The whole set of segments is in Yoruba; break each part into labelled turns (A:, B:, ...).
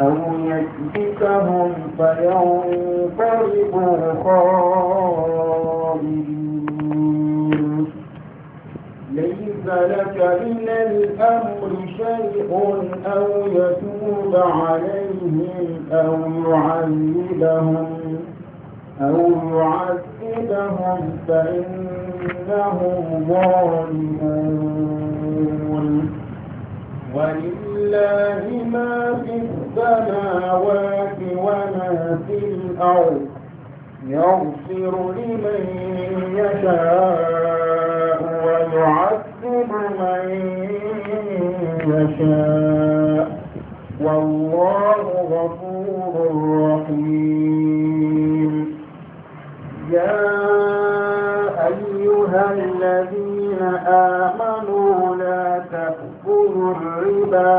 A: أو يكبتهم فينقلبوا خائبين ليس لك من الأمر شيء أو يتوب عليهم أو يعذبهم أو يعذبهم فإنهم ظالمون ولله ما في السماوات وما في الأرض يغفر لمن يشاء ويعذب من يشاء والله غفور رحيم يا أيها الذين آمنوا لا تأكلوا الربا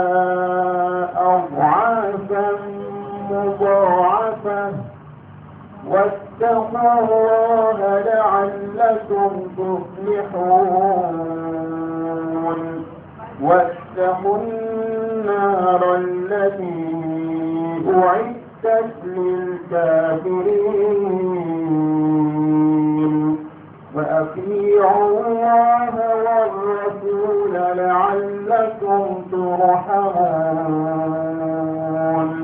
A: واتقوا الله لعلكم تفلحون واتقوا النار التي أعدت للكافرين وأطيعوا الله والرسول لعلكم ترحمون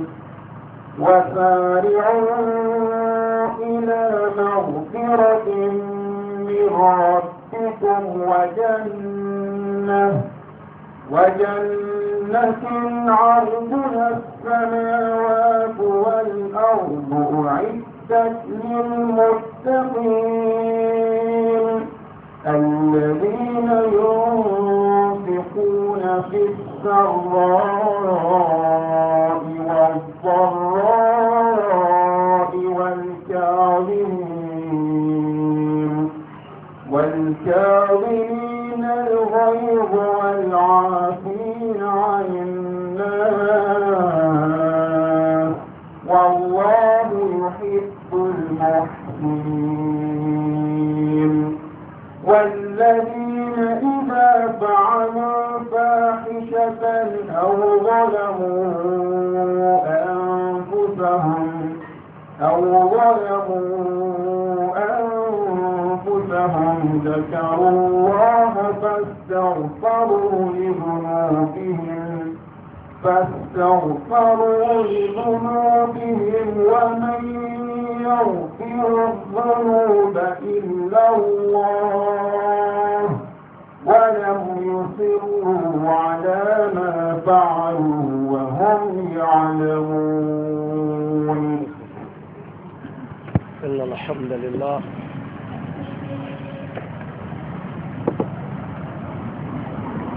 A: وسارعوا إلى مغفرة من ربكم وجنة وجنة عرضها السماوات والأرض أعدت للمتقين الذين ينفقون في السراء والضراء كانوا ذكروا الله فاستغفروا لذنوبهم فاستغفروا لذنوبهم ومن يغفر الذنوب إلا الله ولم يصروا على ما فعلوا وهم يعلمون إن الحمد لله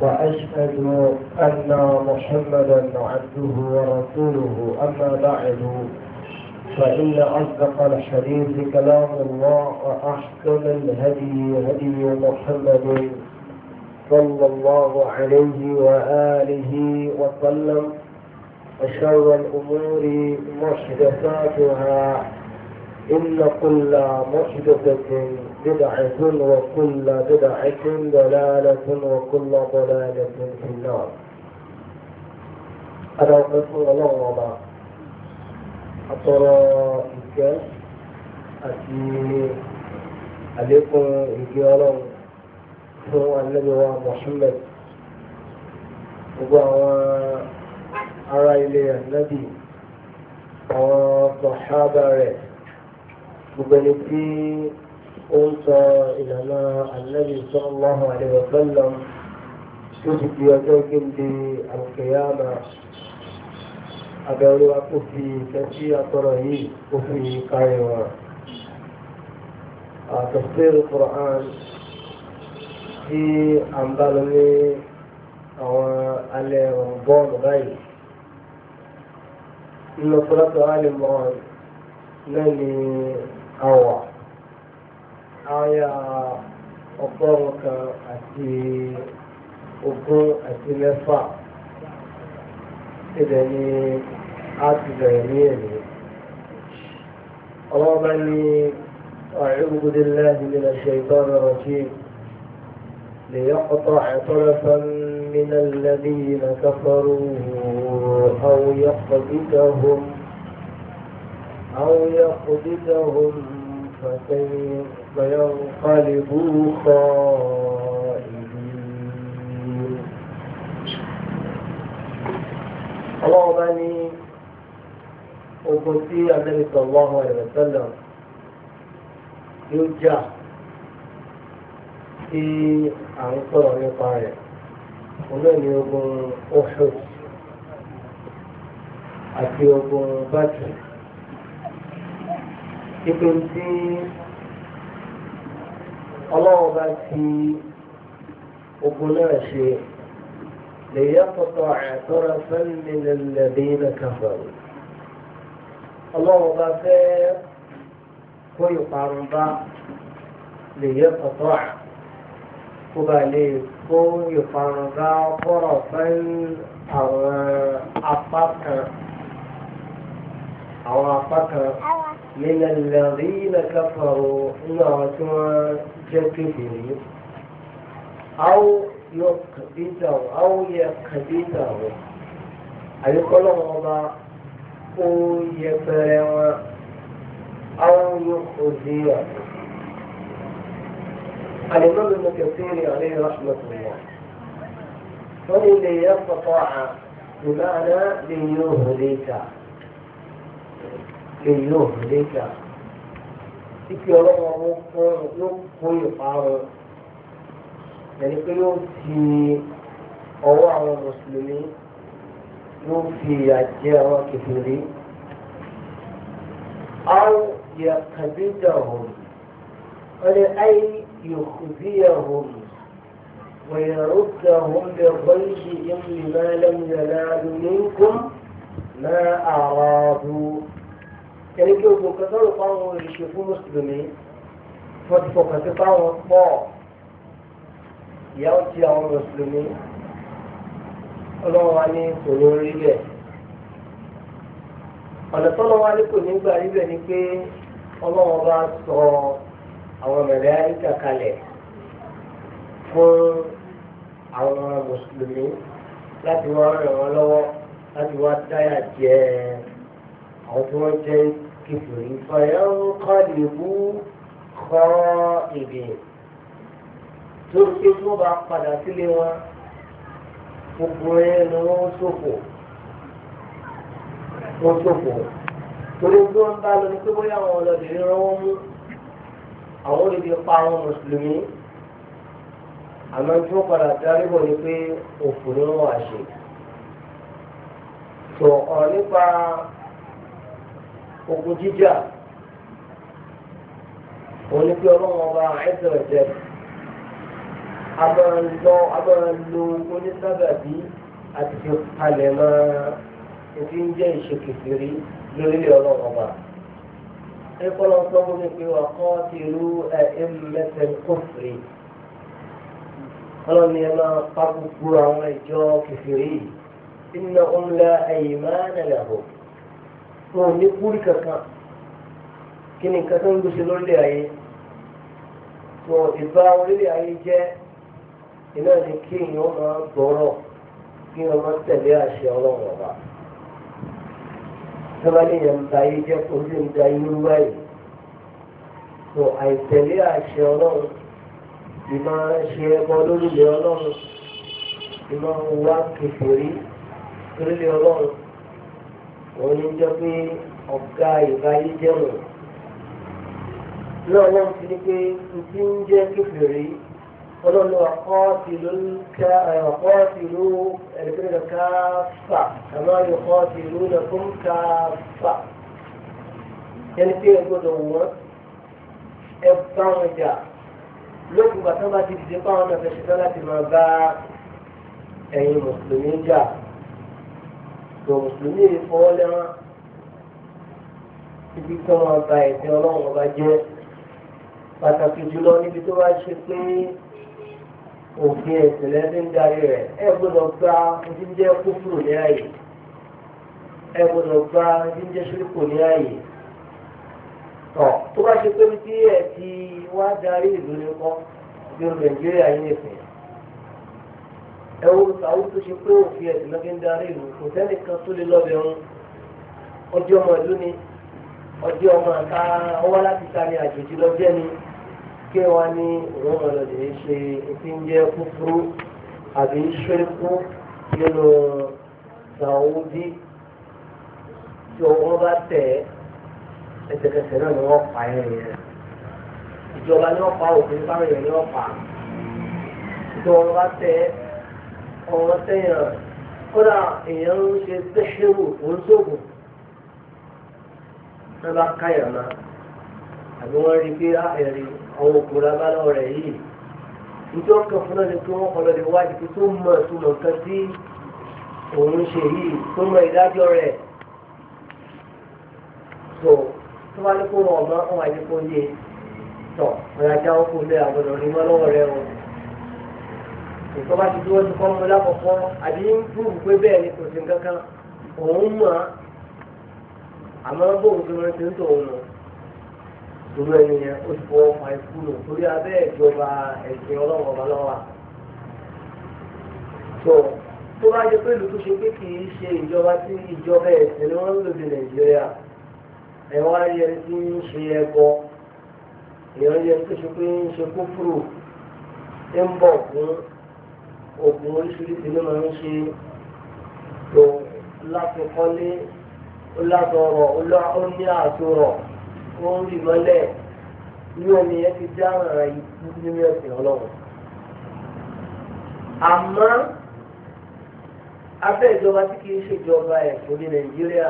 B: وأشهد أن محمدا عبده ورسوله أما بعد فإن أصدق الحديث كلام الله وأحسن الهدي هدي محمد صلى الله عليه وآله وسلم وشر الأمور محدثاتها إن كل محدثة بدعة وكل بدعة ضلالة وكل ضلالة في النار أنا أقول الله وما أترى إكاس أتي عليكم إجيالا هو النبي محمد وهو أرى إليه النبي وصحابة gbogbo ẹni tí ó ń sọ ìlànà ànábì sallallahu alaihi wa sallam tó ti di ọjọ́ gbèǹde àlùkìyámà abẹ́rẹ́ wa kò fi ìfẹ́ àtọ̀rọ̀ yìí kò fi káyọ̀ wọn. تفسير القرآن في أنبالني أو على رمضان غير إن صلاة آل عمران لأني àwà àyà ọgọ́rùn kan àti ogún àti mẹ́fà ìdẹ̀ ni a ti اعوذ بالله من الشيطان الرجيم ليقطع طرفا من الذين كفروا
A: أو يقبضهم أو يقبضهم فينقلبوا خائبين
B: اللهم أني أقصي النبي صلى الله عليه وسلم يوجه tí à ń sọ̀rọ̀ nípa rẹ̀ olóò ní ogun ipe tí ọlọ́wọ́ bá ti ogun náà ṣe lè yàtọ̀tọ̀ àtọ́ra sẹ́ni lẹ́lẹ́dẹ́ iná kàfàrọ̀ ọlọ́wọ́ bá fẹ́ kó ìparun bá lè yàtọ̀tọ̀ à kó bá lè kó ìparun bá fọ́rọ̀ sẹ́ni àwọn apá kan àwọn apá kan. من الذين كفروا نعتوا جكبري أو يقبضوا أو يقبضوا أي قلوبا أو يفروا أو يخزيه الإمام ابن كثير عليه رحمة الله ومن ليقطع بمعنى ليهلك èyí náà ò lè jà títí ọlọ́wọ́ wọn fún yóò kó ìparun ẹni pé yóò fi ọwọ́ àwọn mùsùlùmí yóò fi ìyà jẹ àwọn kìfìrí àwọn ìyà kàdíjà hàn wọ́n ní ayé yòkùbíyà hàn ويردهم بغير إن ما لم ينالوا منكم ما أرادوا yẹni kí ogun kan sọ̀rọ̀ fáwọn olùṣe fún mùsùlùmí wọ́n ti fọkàn sí fáwọn pọ̀ ìyá ó ti àwọn mùsùlùmí ọlọ́wọ́ wa ní kòrò orí bẹ̀. ọ̀nà tọ́lọ́ wa ní kò ní gbà rí bẹ̀ ni pé ọlọ́wọ́ bá sọ àwọn mẹ̀lẹ́ríkà kalẹ̀ fún àwọn mùsùlùmí láti wá ràn wọ́n lọ́wọ́ láti wá dáyà jẹ́ àwọn tí wọ́n jẹ́ الكفر فينقلبوا خائبين تركي tó bá padà sílé wọn gbogbo ẹ ni wọn ṣòfò wọn ṣòfò torí tí wọn bá lọ pé bóyá àwọn ọlọ́dẹ̀ẹ́rẹ́ wọn mú àwọn olùdí pa àwọn mùsùlùmí àmọ́ tí wọ́n padà darí bọ̀ ni pé òfò ni wọ́n wà ṣe. sọ ọ̀ nípa ogun jíjà òun ni pé ọlọ́run ọba ẹ̀sẹ̀ ọ̀jẹ̀ agbára lo onísábàbí àti fi palẹ̀ mọ́ ètí ń jẹ́ ìṣèkèkèrè lórílẹ̀ ọlọ́run ọba. ẹ̀kọ́ lọ pé wà kọ́ ti rú ẹ̀ẹ́mẹ́sẹ̀ kófìrí ọlọ́run ni ẹ máa pa gbogbo àwọn ìjọ kèfèrí yìí. إنهم لا أيمان لهم wọn ò ní kúrì kankan kí ni nǹkan tó ń gbèsè lórílẹ̀ ayé wọn ìbá orílẹ̀ ayé jẹ́ iná ni kí èèyàn máa gbọ́rọ̀ kí wọ́n máa tẹ̀lé àṣẹ ọlọ́run ọba sábàlì yẹn ń ba ayé jẹ́ ojú ń da irú báyìí tó àìtẹ̀lé àṣẹ ọlọ́run ìmọ̀ ṣe ẹbọ lórílẹ̀ ọlọ́run ìmọ̀ wá kẹfìrí lórílẹ̀ ọlọ́run òun ló jẹ́ pé ọ̀gá ìbáyé jẹ́rùn náà náà ti ní pé ti ń jẹ́ kékeré ọlọ́run ọkọ́ ti ló ń ká ọkọ́ ti ló ẹ̀ẹ́dẹ́gbẹ̀rẹ̀ ká fà àmọ́ ọkọ́ ti ló ń kó ká fà ẹni pé ẹ gbọ́dọ̀ wọ́n ẹ bá wọn jà lókùn bàtà bá ti dìde fáwọn ọ̀nà fẹsẹ̀ láti máa bá ẹ̀yin mùsùlùmí jà tó mùsùlùmí fọwọ́ lẹ́wọ́n ibi tó wọn ba ẹ̀sìn ọlọ́run ọba jẹ́ pàtàkì jùlọ níbi tó bá ṣe pé òfin ẹ̀sìn lẹ́sìn darí rẹ̀ ẹ gbọ́dọ̀ gba jíjẹ́ kúfùrù ní ààyè ẹ gbọ́dọ̀ gba jíjẹ́ ṣíríkù ní ààyè tọ̀ tó bá ṣe pé bí ẹ ti wá darí ìlú nìkan bí Nàìjíríà yìí nìkan ẹwọ sàwọn tó ṣe pé òfin ẹsìn lọ́gẹ́ ń darí ìlú kò sẹ́ni kan tó lè lọ́bẹ̀ ọ̀hún ọjọ́ ọmọ ìlú ni ọjọ́ ọmọ àká ọwọ́ láti ta ni àjòjì lọ́jẹ́ ni kí wọ́n ní òun ọmọ lọ́dẹ̀ ń ṣe ìpín jẹ́ kúkúrú àbí ṣẹ́kú nínú sàwọ́dí tí ọwọ́ bá tẹ̀ ẹsẹ̀kẹsẹ̀ náà ni wọ́n pa ẹ̀rìn rẹ̀ ìjọba ni wọ́n pa òfin fáwọn èèyàn ni wọ́n pa tí ọwọ́ bá tẹ̀ ọ̀rọ̀ tẹ́yàn kódà èèyàn ń ṣe tẹ́ṣẹ́rù oníṣògùn náà bá káyàn náà àbí wọ́n rí pé ah, ẹ̀rí àwọn òkúra lábálọ́ rẹ̀ yìí ìjọ kan fún náà ni pé wọ́n kọlọ́ lè wájú pé tó mọ̀ tó mọ̀ nǹkan tí òun ṣe yìí tó mọ̀ ìdájọ́ rẹ̀ tó tó bá ní kó wọn ọmọ wọn àyè yé tọ̀ ọ̀yà jáwọ́ kó lé àgbọ̀dọ̀ rí mọ́ lọ́wọ́ rẹ̀ wọn nǹkan bá ti dúró ti kọ́ mọ́ lákọ̀ọ́kọ́ àbí ń dùn pé bẹ́ẹ̀ ni kò sí nǹkan kan òun mọ̀ àmọ́ bóun ti rántí ń tòun nù torí ẹni yẹn ó ti fọwọ́ fa ikú nù torí abẹ́ ìjọba ẹ̀sìn ọlọ́wọ́ ọba lọ́wọ́ tó tó bá jẹ pé ìlú tó ṣe pé kì í ṣe ìjọba tí ìjọba ẹ̀sìn ni wọ́n ń lò ní Nàìjíríà ẹ̀wọ́n ayé ẹni tí ń ṣe ẹbọ èèyàn tó ṣe pé ń ṣe kófúrò ń bọ̀ fún oògùn oríṣiríṣi ló máa ń ṣe tó láfikọ́lé ó látọrọ ó ní àtúrọ̀ ó ń rì mọ́lẹ̀ ní omi yẹn ti dá ara yìí nínú ẹ̀sìn ọlọ́run. àmọ́ abẹ́ ìjọba tí kì í ṣèjọba ẹ̀kọ́ ní nàìjíríà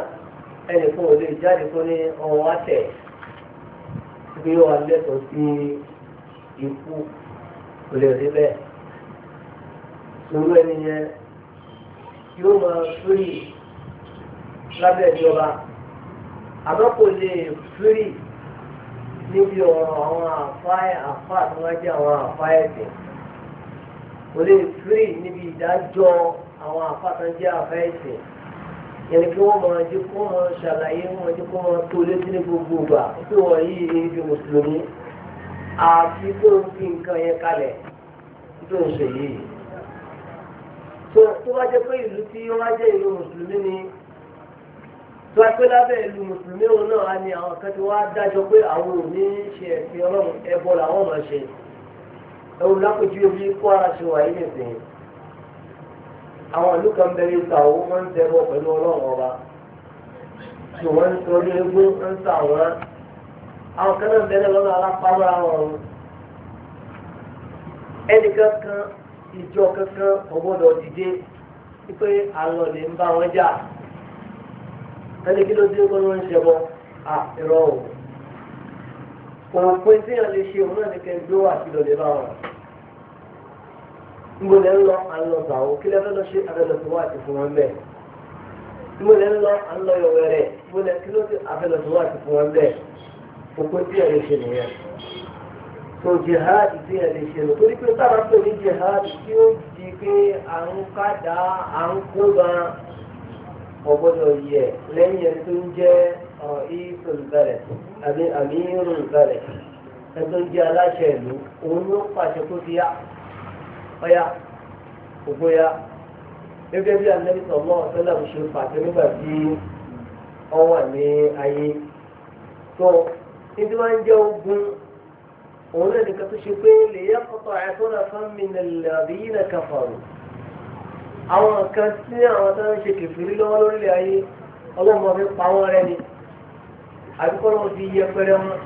B: ẹnìkan ò lè jáde kó ní ọ̀hún àtẹ̀ bí ó wà lẹ́tọ̀ọ́ sí ikú kò rí bẹ́ẹ̀ pẹ̀lú ẹni yẹn yóò máa fírì lábẹ́ ìjọba àmọ́ kò lè fírì níbi ọ̀rọ̀ àwọn àfáà àfáà tó wá jẹ́ àwọn àfáà ẹ̀sìn kò lè fírì níbi ìdájọ́ àwọn àfáà tó jẹ́ àfáà ẹ̀sìn yẹn kí wọ́n máa jẹ́ kó máa ṣàlàyé wọn jẹ́ kó máa tó létí tó tó bá jẹ́ pé ìlú tí ó wá jẹ́ ìlú mùsùlùmí ni tó wá pé lábẹ́ ìlú mùsùlùmí òun náà ni àwọn kan ti wá dájọ́ pé àwọn ò ní ṣe ẹ̀sìn ọlọ́run ẹbọ làwọn máa ṣe ẹwù lápòjú omi kó ara ṣe wà yìí nìsín àwọn ìlú kan bẹ̀rẹ̀ ìta owó wọn ń tẹ́wọ́ pẹ̀lú ọlọ́run ọba tí wọ́n ń sọ ní egún ń sà wọ́n àwọn kan náà bẹ̀rẹ̀ lọ́nà alápámọ́ra wọn ẹnìkan kan ìjọ kankan ọgbọ́dọ̀ dìde wípé àwọn lè ń bá wọn jà ẹni kí ló dé kó ló ń ṣe bọ́ à irọ́ o òpin tí yẹn lè ṣe òun náà ní kẹ́ ń gbé bá wọn ngbọ̀lẹ̀ ń lọ àlọ́sà o kí lẹ́fẹ́ lọ ṣe abẹ́lẹ́sọ wà sí fún wọn bẹ́ẹ̀ ngbọ̀lẹ̀ ń lọ àlọ́yọ̀wẹ̀rẹ̀ ngbọ̀lẹ̀ kí ló ti abẹ́lẹ́sọ wà sí fún wọn bẹ́ẹ̀ òpin tí yẹn lè ṣe nìyẹn tó jihad tí ẹ lè ṣe lò torí pé sábà tó ní jihad tí ó di pé à ń kádà à ń kó gan ọgbọ́dọ̀ yẹ lẹ́yìn ẹni tó ń jẹ́ ìfún bẹ̀rẹ̀ àbí àmírùn bẹ̀rẹ̀ ẹni tó ń jẹ́ aláṣẹ ìlú òun ló pàṣẹ tó fi yá ọyá ògbó yá gẹ́gẹ́ bí Ànábì sallallahu alaihi wasallam ṣe pàṣẹ nígbà tí ọ wà ní ayé tó ní tí wọ́n ń jẹ́ ogun òun náà nìkan tó ṣe pé lè yẹ kọ́tọ̀ àìsọ́nà fámìnà àbíyí náà kàfàrù àwọn kan sí àwọn tó ń ṣe kẹfìrí lọ́wọ́ lórílẹ̀ ayé ọlọ́mọ fi pa wọ́n rẹ ni àbíkọ́ lọ́wọ́ fi yẹpẹrẹ wọn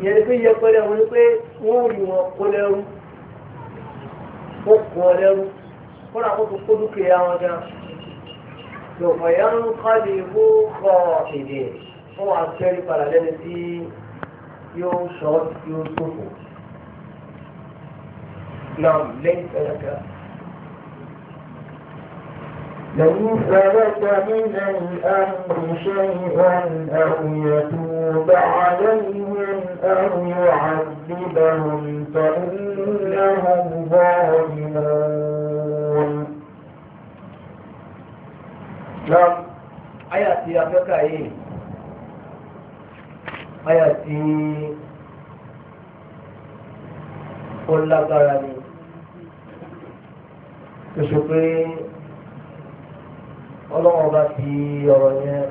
B: ìyẹn ni pé yẹpẹrẹ wọn ni pé wọ́n rí wọn kó lẹ́rú wọ́n kó lẹ́rú kọ́nà àkókò kó dúkìá wọn gan lọ́pọ̀ ìyá ń kálí wó kọ́ èdè wọ́n wà padà lẹ́ni tí. yóò sọ نعم
A: ليس لك ليس لك من الأمر شيئا أو يتوب عليهم أو يعذبهم فإنهم ظالمون
B: نعم آيات يا فكاهين àyà tí ó lágbára ni tó ṣe pé ọlọ́wọ́n bá fi ọ̀rọ̀ yẹn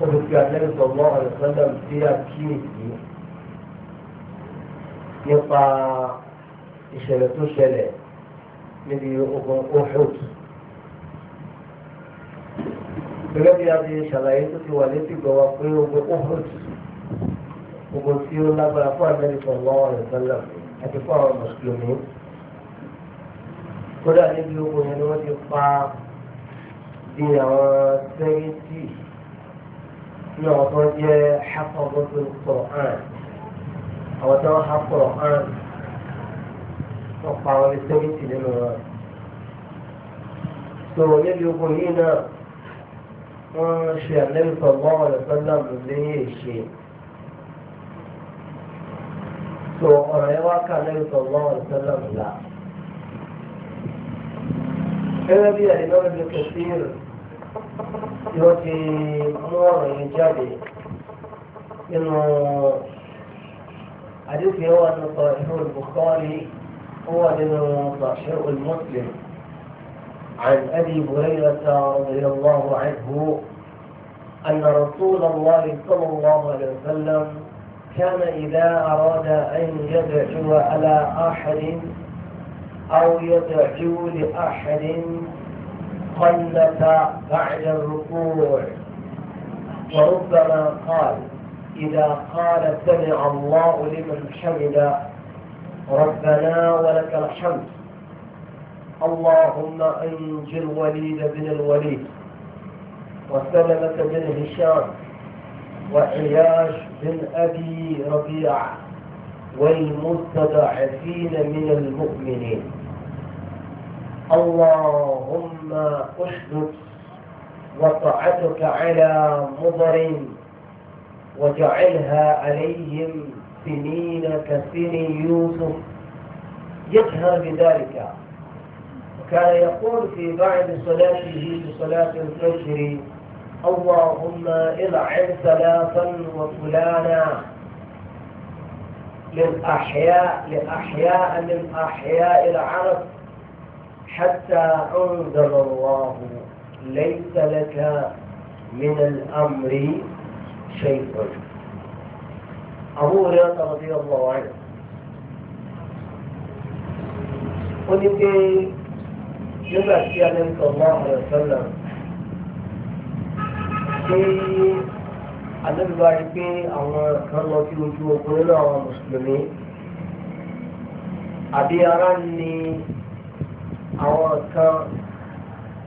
B: ó fi fi àtẹ́lẹ̀ sọ̀gbọ́n àlùfẹ́lẹ̀ sí àkíyèsí nípa ìṣẹ̀lẹ̀ tó ṣẹlẹ̀ níbi ogun ohud gẹ́gẹ́ bí a ti ṣàlàyé tó ti wà létí gbọ́wọ́ pé ogun ohud ogun tí ó lágbára fún amẹ́ríkà lọ́wọ́ rẹ̀ sọ́lá àti fún àwọn mùsùlùmí kódà níbi ogun yẹn ni wọ́n ti pa bí àwọn sẹ́yìntì ní àwọn tó ń jẹ́ hafọ́gbọ́tò kọ̀ọ̀án àwọn tó ń ha kọ̀ọ̀án wọ́n pa àwọn sẹ́yìntì nínú wọn. sọ̀rọ̀ níbi ogun yìí náà wọ́n ṣe àlẹ́lùfọ̀ mọ́wọ́ lọ́sọ́nà mú ní èṣe tó ọ̀rọ̀ yẹn wá ká àlẹ́lùfọ̀ mọ́wọ́ lọ́sọ́nà mú là. gẹ́gẹ́ bí àdìgbò mi kò sí rò tí wọ́n ti mú ọ̀rọ̀ yẹn jáde nínú àdìsí ẹ̀wọ̀n nípa ìṣòro Bukhari ó wà nínú Sahih al عن أبي هريرة رضي الله عنه أن رسول الله صلى الله عليه وسلم كان إذا أراد أن يدعو على أحد أو يدعو لأحد قلت بعد الركوع وربما قال إذا قال سمع الله لمن حمد ربنا ولك الحمد اللهم أنجي الوليد بن الوليد وسلمة بن هشام وعياش بن أبي ربيعة والمستضعفين من المؤمنين اللهم اشدد وطاعتك على مضر وجعلها عليهم سنين كسن يوسف يجهر بذلك كان يقول في بعد صلاته بصلاة الفجر اللهم العن ثلاثا وفلانا للأحياء لأحياء من أحياء العرب حتى أنزل
A: الله
B: ليس لك من الأمر شيء أبو هريرة رضي الله عنه قلت nígbà tí a lè sọ mọ́ ọ̀rọ̀ sọ́nà pé alẹ́lúwa rí pé àwọn kan lọ sí ojú ogun nínú àwọn mùsùlùmí àbí ara ni àwọn kan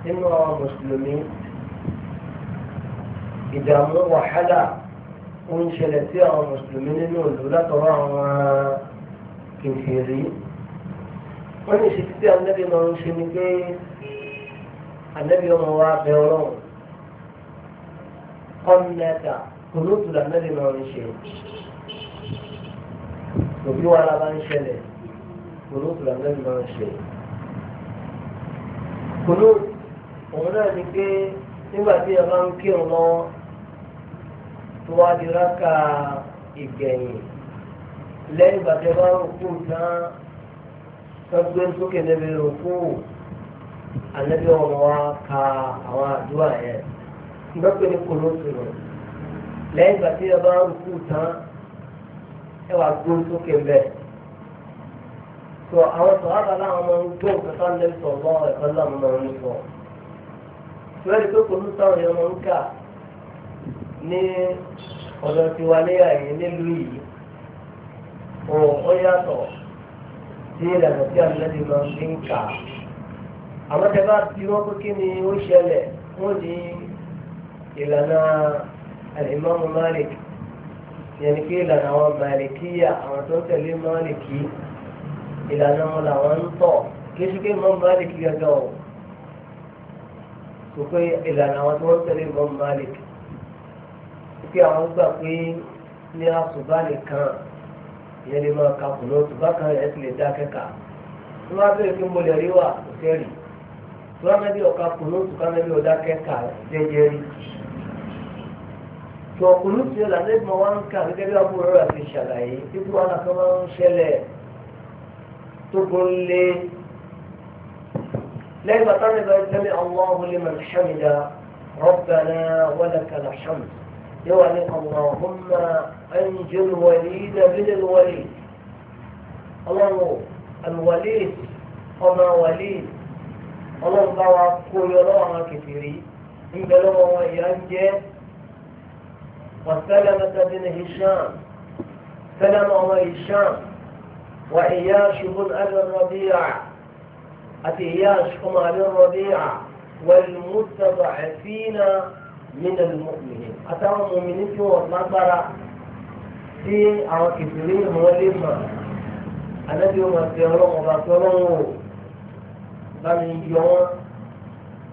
B: nínú àwọn mùsùlùmí ìdààmú wàhálà ń ṣẹlẹ̀ sí àwọn mùsùlùmí nínú ìlú látọ̀rọ̀ àwọn kìfìrí wọ́n ní ìṣètí tí anábì máa ń ṣe ni pé anábì ọmọ wa bẹ ọlọ́run kọ́nẹ́ta kòlóòtù lànábì máa ń ṣe òbí wa la bá ń ṣẹlẹ̀ kòlóòtù lànábì máa ń ṣe kòlóòtù òun náà ni pé nígbà tí ẹ máa ń kírun lọ́wọ́ tó wá di rákà ìgbẹ̀yìn lẹ́yìn ìgbà bá ń kú tán. gbé sókè o a àlẹ́bí ọmọ wa ka àwọn àdúrà yẹn ìgbà pé ní kòló sòrò lẹ́yìn ìgbà tí ẹ bá tán ẹ wà gbó sókè bẹ́ẹ̀ tó àwọn sọ̀rọ̀ láwọn máa ń gbó lẹ́yìn sọ̀rọ̀ ẹ̀kọ́ sọ kòló yẹn ń kà ní ọ̀dọ̀ tiwa ní àyè nílùú yìí ó yàtọ̀. sí ìlànà tí àmìlẹ́dì máa fi ń kà á. àwọn tẹ bá bí wọ́n pé kí ni ó ṣẹlẹ̀ wọ́n ní ìlànà àlìmọ́mù Malik yẹnni pé ìlànà àwọn Malikiya àwọn tó ń tẹ̀lé Maliki ìlànà wọn làwọn ń tọ̀ kéṣu pé mọ́ Malik gẹ́gẹ́ o kò pé ìlànà àwọn tó ń tẹ̀lé mọ́ Malik pé àwọn gbà pé ní àsùbá kan ìyẹn lè máa ka kùnà tó bá kan ẹ̀ sì lè dá kẹ́kà tó bá bẹ̀rẹ̀ pé mo lè rí wà kò fẹ́ rí tó bá mẹ́bí ọ̀ka kùnà tó kánà bí ọ̀dá kẹ́kà jẹjẹ rí. tó kùnà tó yẹ lànà ìgbìmọ̀ wa ń kà gẹ́gẹ́ bí abúlé rẹ̀ ti ṣàlàyé ibú wa nàkan máa ń ṣẹlẹ̀ tó gbọ́n lé lẹ́yìn bàtà rẹ̀ bá tẹ́lẹ̀ ọmọ ọ̀hún lè mọ̀ يعني اللهم انج الوليد من الوليد الله الوليد وما وليد اللهم بقى كل كثيري إن بلوها ينجي وسلمة بن هشام سلمة وهشام وإياش بن أبي الربيع أتياش بن أبي الربيع والمتضعفين من المؤمنين àtàwọn mòmìnì tí wọ́n lágbára tí àwọn kìtìlì wọn lè mọ̀ ànábi wọn ti ọlọ́wọ́ bá ti ọlọ́wọ́ o bámi yọ wọn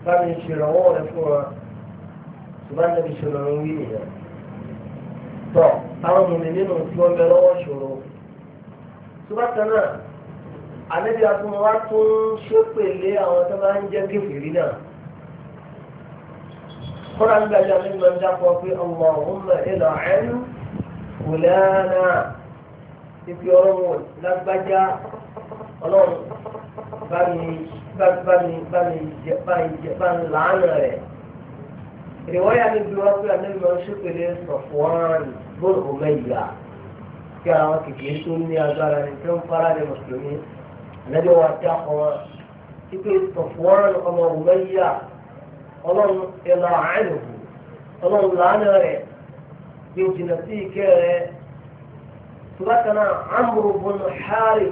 B: bámi ṣèrànwọ́ rẹ fún wọn ṣùgbọ́n ànábi ṣèrànwọ́ wí nìyẹn. tọ́ àwọn mòmìnì nù tí wọ́n bẹ lọ́wọ́ ṣòro ṣùgbọ́n kan náà ànábi àtúnwá tún ṣépèlé àwọn tó bá ń jẹ́ kéfìrí náà kọ́ra ń gbàjà ní ìlú ọjà kan pé ọmọ ọ̀hún náà ìlà ẹ̀rú kò lẹ́ẹ̀nà ibi ọlọ́run lágbájá ọlọ́run bá mi bá mi bá mi jẹ bá mi jẹ bá mi làánà rẹ̀. ìwọ́yà mi bí wọ́n pé ànábi máa ń ṣépele Safwan bọ́ọ̀lù Umayya kí àwọn kékeré tó ní agbára ní tó ń fara ní mùsùlùmí ànábi wọn àti àkọ́wọ́ ipe Safwan ọmọ Umayya ọlọ́run ẹ̀là àánú ọlọ́run làánú rẹ̀ bí o jìnnà sí ìkẹ́ rẹ̀ tùbákaná amúrú bùnú xaari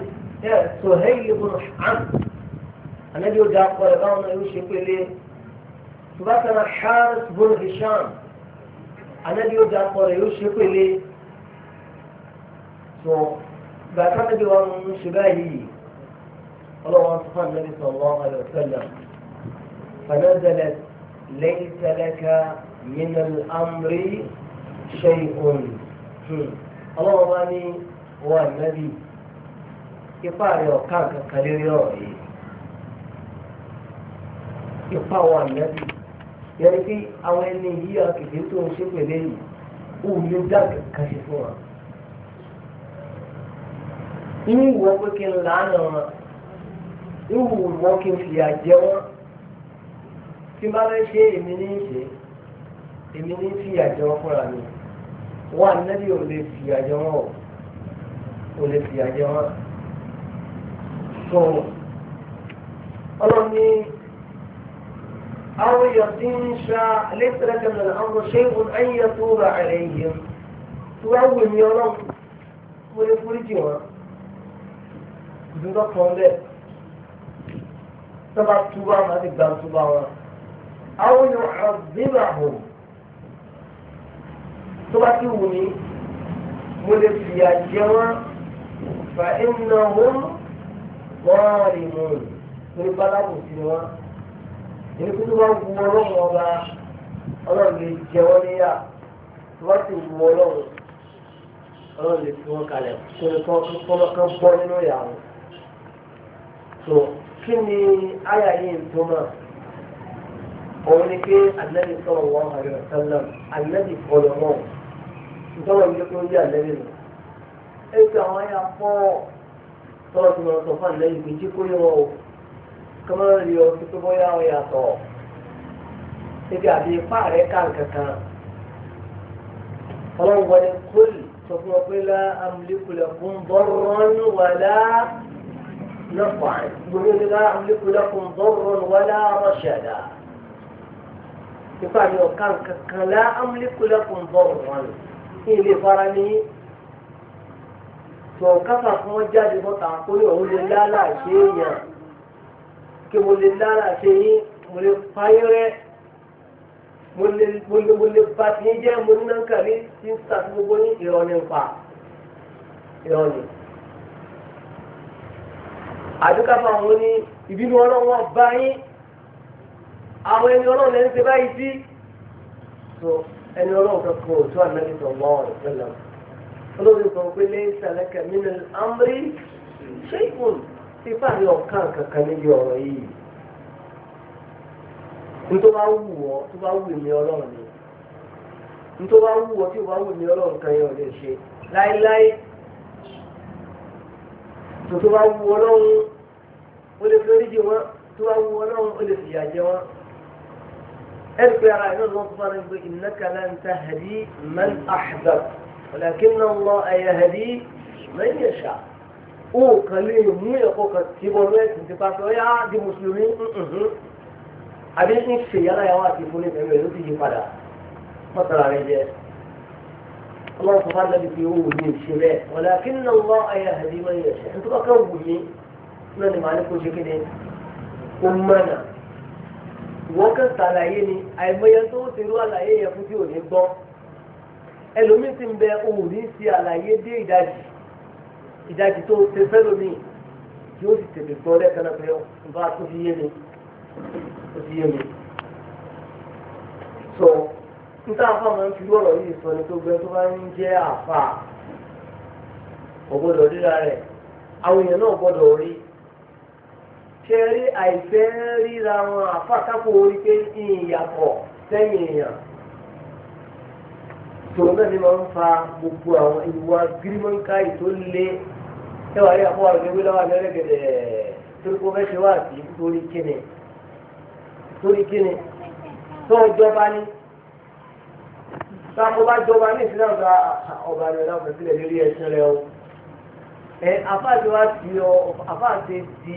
B: ẹ̀ sòhẹ́yì bùnú xaan anabi ó dáa kọ́ ẹ̀ báwọn náà yóò ṣe pélé tùbákaná xaari bùnú hisham anabi ó dáa kọ́ ẹ̀ yóò ṣe pélé tó bàtà níbi wọn ń ṣe báyìí ọlọ́run sọ́kàn nàbì sọ̀rọ̀ wọn àlọ́ sẹ́lẹ̀ fàlẹ́ zẹlẹ̀. ليس لك من الأمر شيء الله واني هو النبي إفاري وكاك كاليريوري Ipa wa nẹ́bí, yẹni pé àwọn ẹni yìí àkèké tó ń ṣépè lẹ́yìn, ó lè dá kankan fún wa. Inú ìwọ pé kí n làánà wọn, inú ìwọ kí n fìyà jẹ wọn, tí bá fẹ́ ṣe èmi ní ṣe èmi ní fi àjọ fúnra mi wọn ànábì ò lè fi àjọ wọn o ò lè fi àjọ wọn tó ọlọ́ni àwọn yọ̀tí ń ṣá lẹ́sẹ̀rẹ́sẹ̀ lọ́nà àwọn ṣẹ́gun ayé tó ra àrẹ yìí tí wọ́n wù mí ọlọ́run mo lè foríjì wọn kùdùdọ́ kan bẹ́ẹ̀ tọ́ba túbọ̀ àwọn àti gbàǹtúbọ̀ wọn àwọn yóò àbíbà hù tó bá ti wù mí mo lè fìyà jẹ wọn fa iná wọn bọ́ọ̀lì mu torí bálábù sí wọn èyí tó tó bá wù ọlọ́run ọba ọlọ́run lè jẹ wọn níyà tó bá ti wù ọlọ́run ọlọ́run lè fi wọn kalẹ̀ kó lè kọ́ kọ́mọkán bọ́ nínú ìyàwó. so kí ni àyà yìí ń tó náà òun ni pé ànábì sọ̀rọ̀ wọn àrẹ ọ̀sánlá ànábì fọlọ̀ náà ìtọ́wọ̀ ilé kó yé ànábì nù. ètò àwọn ayé afọ́ tọ́lọ̀ tí wọ́n sọ fún ànábì pé jí kó yẹ wọn o kọ́mọ́rọ́ rí ọ tó tó bóyá ọ yàtọ̀ ebi àbí ipá rẹ̀ kàn kankan. ọlọ́run wọlé kólì sọ fún ọ pé lá amúlékulẹ̀ fún bọ́rọ̀n wàlá nọ́fà gbogbo ní lá amúlékulẹ̀ fún bọ́rọ̀n wàlá rọ̀ṣẹ̀dá nípa àmì ọ̀kan kankan lá amúlékúlẹ̀ kò ń bọ̀ wọn ní ilé fara ní tó káfà fún wọn jáde bọ́ta kó ní òun lè lálà ṣe é yàn kí mo lè lálà ṣe yín mo lè fáyọ́rẹ́ mo lè mo lè ba ti jẹ́ mo ní náà kàrí tí ń sàtú gbogbo ní ìrọ̀lẹ́ ń ìrọ̀lẹ́ àdúgbò àwọn ní ìbínú ọlọ́wọ́ bá àwọn ẹni ọlọ́run lẹ́nu ṣe báyìí sí tó ẹni ọlọ́run kan kò tó ànábì tó wọ́n ọ̀rọ̀ sẹ́lẹ̀ olórí kan pé lẹ́yìn sàlẹ́kẹ̀ nínú amúrí ṣéèkùn ti fàmì ọ̀kan kankan níbi ọ̀rọ̀ yìí nítorí wá wù ọ́ tó bá wù mí ọlọ́run ni nítorí wá wù ọ́ tí ò bá wù mí ọlọ́run kan yẹn ò lè ṣe láéláé tó tó bá wù ọlọ́run ó lè fi orí jẹ wọn tó bá wù ọlọ́run ó lè fìyà jẹ wọn. ارجع يا رعيل الوصفر إنك لن تهدي من أحببت ولكن الله يهدي من يشاء او قليل مو يقو كتيبو لك انت فاتوا يا دي مسلمين ابي أمم. ني في يلا يا واتي فوني بيو دي جي فدا مثلا رجع الله سبحانه الذي في هو دين شبه ولكن الله يهدي من يشاء انت بقى كوبني من مالك وجه كده امنا wọ́n kàn alaye ni àìmọye tó ń ṣerú àlàyé yẹn fún tí ò ní gbọ́ ẹlòmíín ti ń bẹ òun ní ṣe àlàyé dé ìdajì ìdajì tó ṣe fẹ́ lómi yóò sì tètè gbọ́ lẹ́ẹ̀kan náà pé tó fi yé mi tó fi yé mi sọ níta àfa máa ń fi ọ̀rọ̀ yìí sọ ni tó gbẹ tó bá ń jẹ́ ṣe rí àìfẹ́ ríra wọn àfàkàkọ orí pé ìyàtọ̀ sẹ́yìn èèyàn tòun náà ni wọ́n ń fa gbogbo àwọn ìwà gírímọ́ńkáì tó lé ẹwà rí àpò àrùn ewé lọ́wọ́ abẹ́rẹ́ gẹ̀dẹ̀ torí kò fẹ́ ṣe wá sí torí kíni torí kíni tó jọba ní sáàpọ̀ bá jọba ní ìsinmi ọ̀gá ọba rẹ̀ náà fẹ́ sílẹ̀ lórí ẹ̀sìn rẹ̀ o àfáàtì wá ti, ọ àfáàtì ti.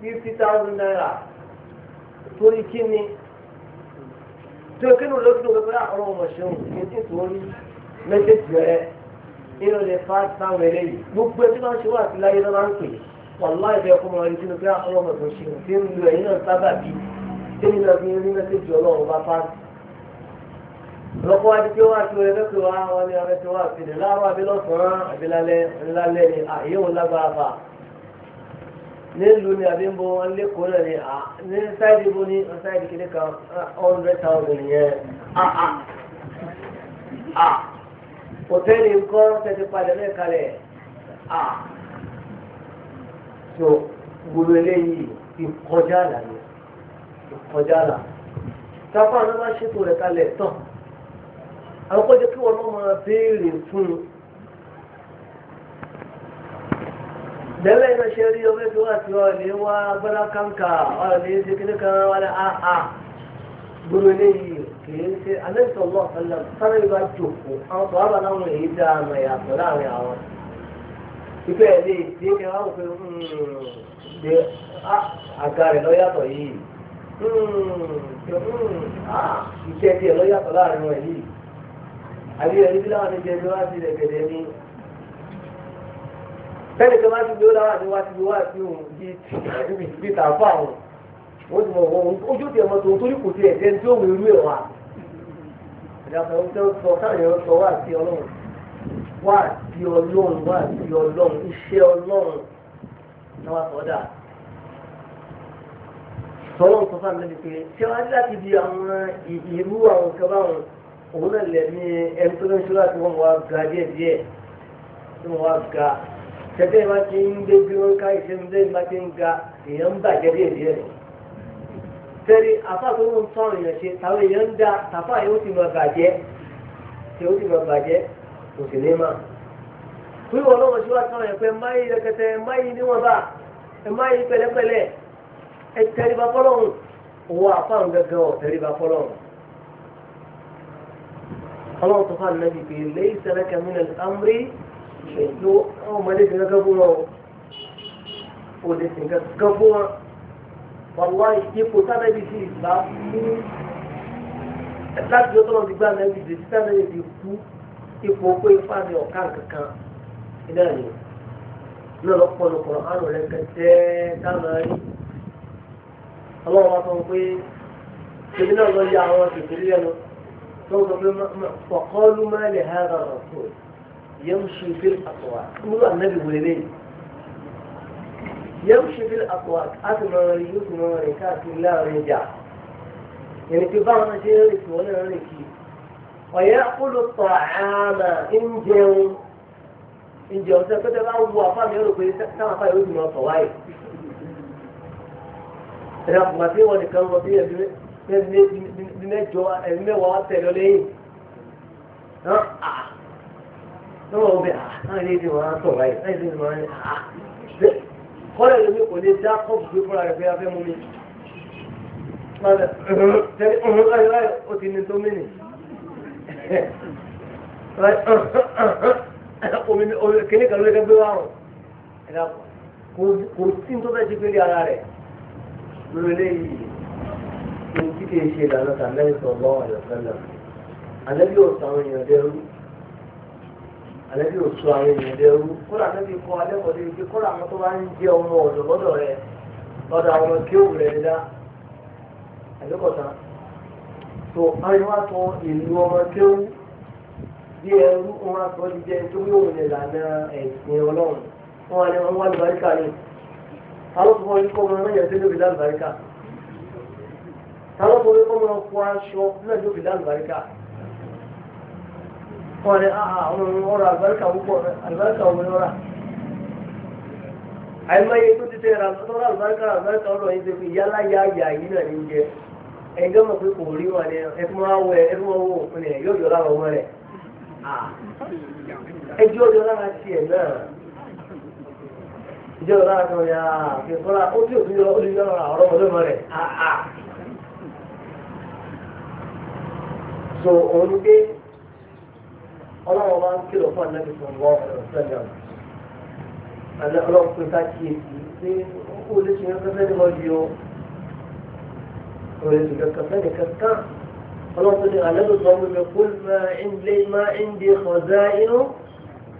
B: fifty thousand naira torí kí ni tí o kínú lójú ló gbé àwọn ọmọ ṣeun kí n tí tó rí mẹ́tẹ̀ẹ̀tì rẹ nínú lè fa sáwọn eléyìí gbogbo ẹbí máa ń ṣe wá àti láyé náà máa ń pè wàlá ìfẹ́ ọkọ mọ̀ ẹni pé àwọn ọmọ tó ṣeun tí ń lu ẹ̀yìn náà sábà bí tẹ́lẹ̀ náà fi rí mẹ́tẹ̀ẹ̀tì ọlọ́run bá fa lọ́kọ́ wájú pé wá sí orí ẹgbẹ́ pé wá wọn ni abẹ́tẹ̀ wá sílẹ̀ láàárọ̀ abilọ́sàn-án nílùú ni àbí ń bọ wọn lẹ́kọ̀ọ́ náà ni ní sáìdì bó ní sáìdì kéde kan one hundred thousand yẹn hòtẹ́ẹ̀lì ńkọ́ tẹ̀sí padà lẹ́ẹ̀kalẹ̀ so gbogbo eléyìí ìkọjá àlà ni ìkọjá àlà tápá náà bá ṣètò rẹ̀ kalẹ̀ tán àwọn kọjá kí wọn náà máa béèrè fún un. dẹ́lẹ̀ iná ṣe rí ọmọ ìgbìmọ̀ àti ọ̀lẹ́ wá gbọ́dá kàǹkà ọ̀lẹ́ ṣe kíní kan wà ní àhà gbogbo eléyìí kìí ṣe alẹ́sọ̀ lọ ọ̀lẹ́ sáré ìgbà jòkó àwọn tó wà bá láwọn èyí dá àmọ̀ ìyàtọ̀ láàrin àwọn. ìfẹ́ ẹ̀ lè ṣe kí wọ́n pe hmm, de àga rẹ̀ lọ́yàtọ̀ yìí ìṣẹ́ hmm, hmm, tiẹ̀ lọ́yàtọ̀ láàrin wọn yìí àbí ẹ̀rí bí láwọn ti jẹ́ bẹ́ẹ̀ni tó bá ti gbé láwọn àti wá ti gbé wá sí òun bíi ti bíi tààfà òun wọ́n ti mọ̀ wọ́n ojú ti ẹ̀mọ́ tó ń torí kò ti ẹ̀jẹ̀ tí ó wù irú ẹ̀ wá. ìdàpọ̀ ohun tó sọ táwọn èèyàn sọ wá sí ọlọ́run wá sí ọlọ́run wá sí ọlọ́run iṣẹ́ ọlọ́run náà wá sọ́dà. sọlọ́run sọ fún mi pé ṣé wàá dí láti di àwọn irú àwọn kan báwọn òun náà lẹ̀ ní ẹni tó ń ṣe láti wọ́n wá ga díẹ̀díẹ̀ tí wọ́n wá ga tẹ́tẹ́ máa ti ń gbé bí wọ́n ká ìṣe ńlẹ́ máa ti ń ga èèyàn ń bàjẹ́ díẹ̀ díẹ̀ rẹ̀. tẹ́rí afá tó ń tọ́ èèyàn ṣe táwọn èèyàn ń da tàfá yóò ti máa bàjẹ́ tí ó ti máa bàjẹ́ kò sì ní máa. pé wọn lọ́wọ́ sí wá sọ yẹn pé máyì rẹkẹtẹ máyì níwọ̀nba máyì pẹ̀lẹ́pẹ̀lẹ́ ẹ tẹríba fọlọ́hún owó afá ń gẹ́gẹ́ ọ̀ tẹríba fọlọ́hún. ọlọ́run tó fà ṣèjú àwọn ọmọdé ti kankan fún wọn o lè ti kankan fún wọn wàlúwà ipò sábẹ́bí sí ìgbà fún láti ọjọ́ náà ti gbá nàbí ìdè títà náà ti kú ipò pé ipá ni ọ̀ká kankan iná ni náà lọ́pọ̀lọpọ̀ àrùn rẹ̀ kẹtẹ́ dáná rí ọlọ́run wa sọ pé èmi náà lọ yá àwọn tètè lẹ́nu tó ń sọ pé fọ̀kọ́lù máa lè hàn rà fún un yamshi fil aswaq irú ànábì wò lélẹ́yìn yamshi fil aswaq á ti mọ rìn yóò ti mọ rìn káàkiri láàrin ìjà yẹn ni pé báwọn ṣe ń rìn tí wọ́n náà rìn kì í ọ̀yẹ́ olùtọ̀ àmà ń jẹun ìjẹ ọ̀sẹ̀ pẹ́tẹ́ bá wù àfa mi rò pé táwọn afá yóò ti mọ ọ̀tọ̀ wáyé ẹ̀rọ àpòmá tí wọ́n nìkan lọ sí ẹ̀mí mẹ́jọ lọ́wọ́ ọbẹ̀ àwọn ah, ilé ìdí wọn sọ̀rọ̀ ẹ̀ láì sí wọn kọ́lẹ̀ lómi kò lè dá kọ́ọ̀bù gbé fúnra rẹ̀ fẹ́ afẹ́ mú mi. tẹ́lẹ̀ ọ̀hún láyé láyé ó ti ní tó mí nì. kìnní kan ló lè gbé wá rùn. kò sí ní tó fẹ́ ṣe pé lé ara rẹ̀ lórí eléyìí ní kí kìí ṣe ìdáná tàbí ẹ̀sán lọ́wọ́ àyọ̀fẹ́ náà. àlẹ́ yóò sàwọn èèyàn dẹrú àlẹ́bí ò tún àwọn èèyàn dẹrú kódà níbi kọ́ alẹ́kọ̀ọ́ débi pé kódà àwọn tó bá ń jẹ ọmọ ọ̀dọ̀ lọ́dọ̀ rẹ lọ́dọ̀ àwọn kéwù rẹ dá àlẹ́kọ̀ọ́ta tó àwọn wá sọ ìlú ọmọ kéwù bí ẹrú wọn wá sọ ti jẹ tó bí òun ìlànà ẹ̀sìn ọlọ́run wọn wá ní wọn wá ní baríkà ni táwọn tó wọn kọ́ ọmọ mẹ́jọ sí lóbi láàbàríkà táwọn wọ́n ní ọ̀rọ̀ ah, ah, àlùbáríkà púpọ̀ àlùbáríkà òun ni ọ̀rà àìmọye tó ti tẹ ra tọ́lá àlùbáríkà àlùbáríkà ọ̀rọ̀ yìí ti fi yálà yá àyà yìí náà ní oúnjẹ ẹ̀jẹ̀ mọ̀ pé kò rí wọn ni ẹ̀fún wa wọ ẹ̀fún wa wọ òfin rẹ̀ yóò yọ lára ọmọ rẹ̀ ẹjọ́ yọ lára tiẹ̀ náà ìjọ yọ lára kan yà kí tọ́lá ó tí òfin yọ ó lè yọ lára ọ̀rọ̀ so òun dé. ọlọ́wọ́ olan ń kìlọ̀ fún ànábì fún ọwọ́ ọ̀rọ̀ sẹ́lẹ̀ àlẹ́ ọlọ́pẹ́ ká kíyèsí pé ó lè ṣe kankan fẹ́ni lọ yìí o ó lè ṣe kankan fẹ́ni kankan ọlọ́pẹ́ ní alẹ́ ló sọ wípé kó máa ń lé máa ń di ọ̀dà inú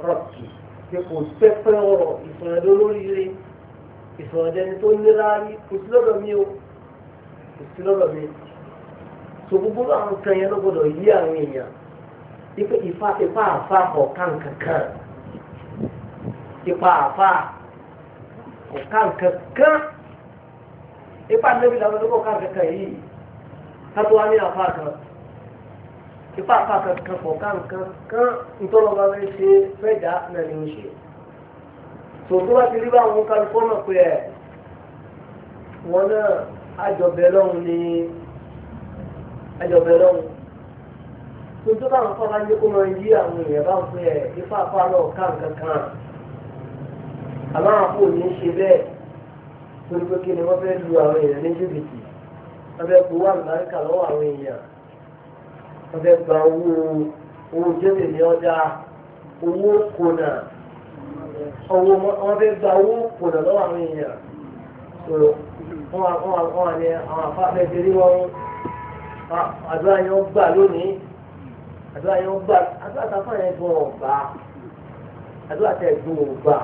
B: rọ̀kì
A: pé kò pẹ́pẹ́
B: ọ̀rọ̀ ìfọ̀rọ̀dé olóríire ìfọ̀rọ̀dé ẹni tó nira rí kò sí lọ́dọ̀ mi o kò sí lọ́dọ̀ mi so gbogbo àwọn ipe ìfà ìfà àfà ọ̀kan kankan ìfà àfà ọ̀kan kankan ipa níbi làwọn olóko ọ̀kan kankan yìí kátó wá ní àfà kan ìfà àfà kankan ọ̀kan kankan ntọ́lọ́ba fẹ́ ṣe fẹ́ dá náà ni ó ṣe tòótọ́ bá ti rí báwọn kálífọ́nà pé ẹ̀ e. wọ́n náà àjọbẹ̀ lọ́hùn ní àjọbẹ̀ lọ́hùn tó táwọn afọ bá ń kó máa yí àwọn èèyàn bá ń pẹ́ ẹ̀ ifá afá lọ ká nǹkan kan àmọ́ àwọn ṣe bẹ́ẹ̀ torí pé kí ni wọ́n fẹ́ lu àwọn èèyàn ní jìbìtì wọ́n fẹ́ gbowó àlùbáríkà lọ́wọ́ àwọn èèyàn wọ́n fẹ́ gba owó owó jẹ́bẹ̀ ní ọjà owó kùnà owó wọ́n fẹ́ gba owó kùnà lọ́wọ́ àwọn èèyàn wọ́n wà ní àwọn afá fẹ́ ṣe wọn àdúrà yẹn gbà lónìí àdúrà yẹn ó gbà àdúrà tàfà yẹn gbọ́ ọ̀gbà àdúrà tẹ̀ gbọ́ ọ̀gbà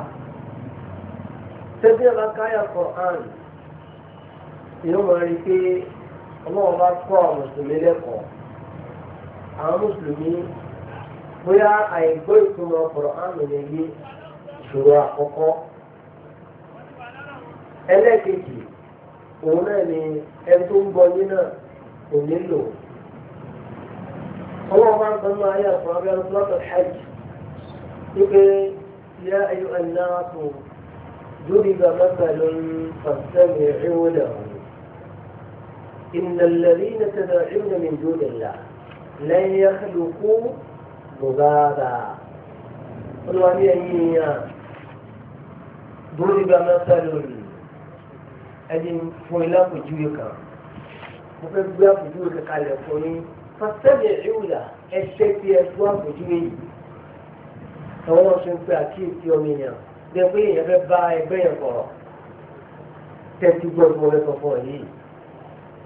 B: tẹ́bí ẹ̀ka káyà Qur'an yóò mọ̀ rí pé ọlọ́run bá kọ́ àwọn mùsùlùmí lẹ́kọ̀ọ́ àwọn mùsùlùmí bóyá àìgbọ́ ìtumọ̀ Qur'an lè yé ìṣòro àkọ́kọ́ ẹlẹ́ẹ̀kejì òun náà ni ẹni tó ń gbọ́ yín náà kò nílò. الله عن أما آيات رابعة إطلاق الحج يقول يا أيها الناس ضرب مثل فاستمعوا له إن الذين تدعون من دون الله لن يخلقوا ذبابا قلوا أمي ضرب مثل أدين فويلاك جويكا وفي بلاك جويكا قال يا pàṣẹbẹ ìwúlà ẹsẹ tí ẹ tó àpòjúwe yìí àwọn ọ̀sẹ̀ ń pè àkíyèsí ọmọ èèyàn bí ẹ pé èèyàn fẹ́ bá ẹgbẹ́ yẹn kọ̀rọ̀ tẹ́tí gbọ́ tí mo fẹ́ sọ fún ọ yìí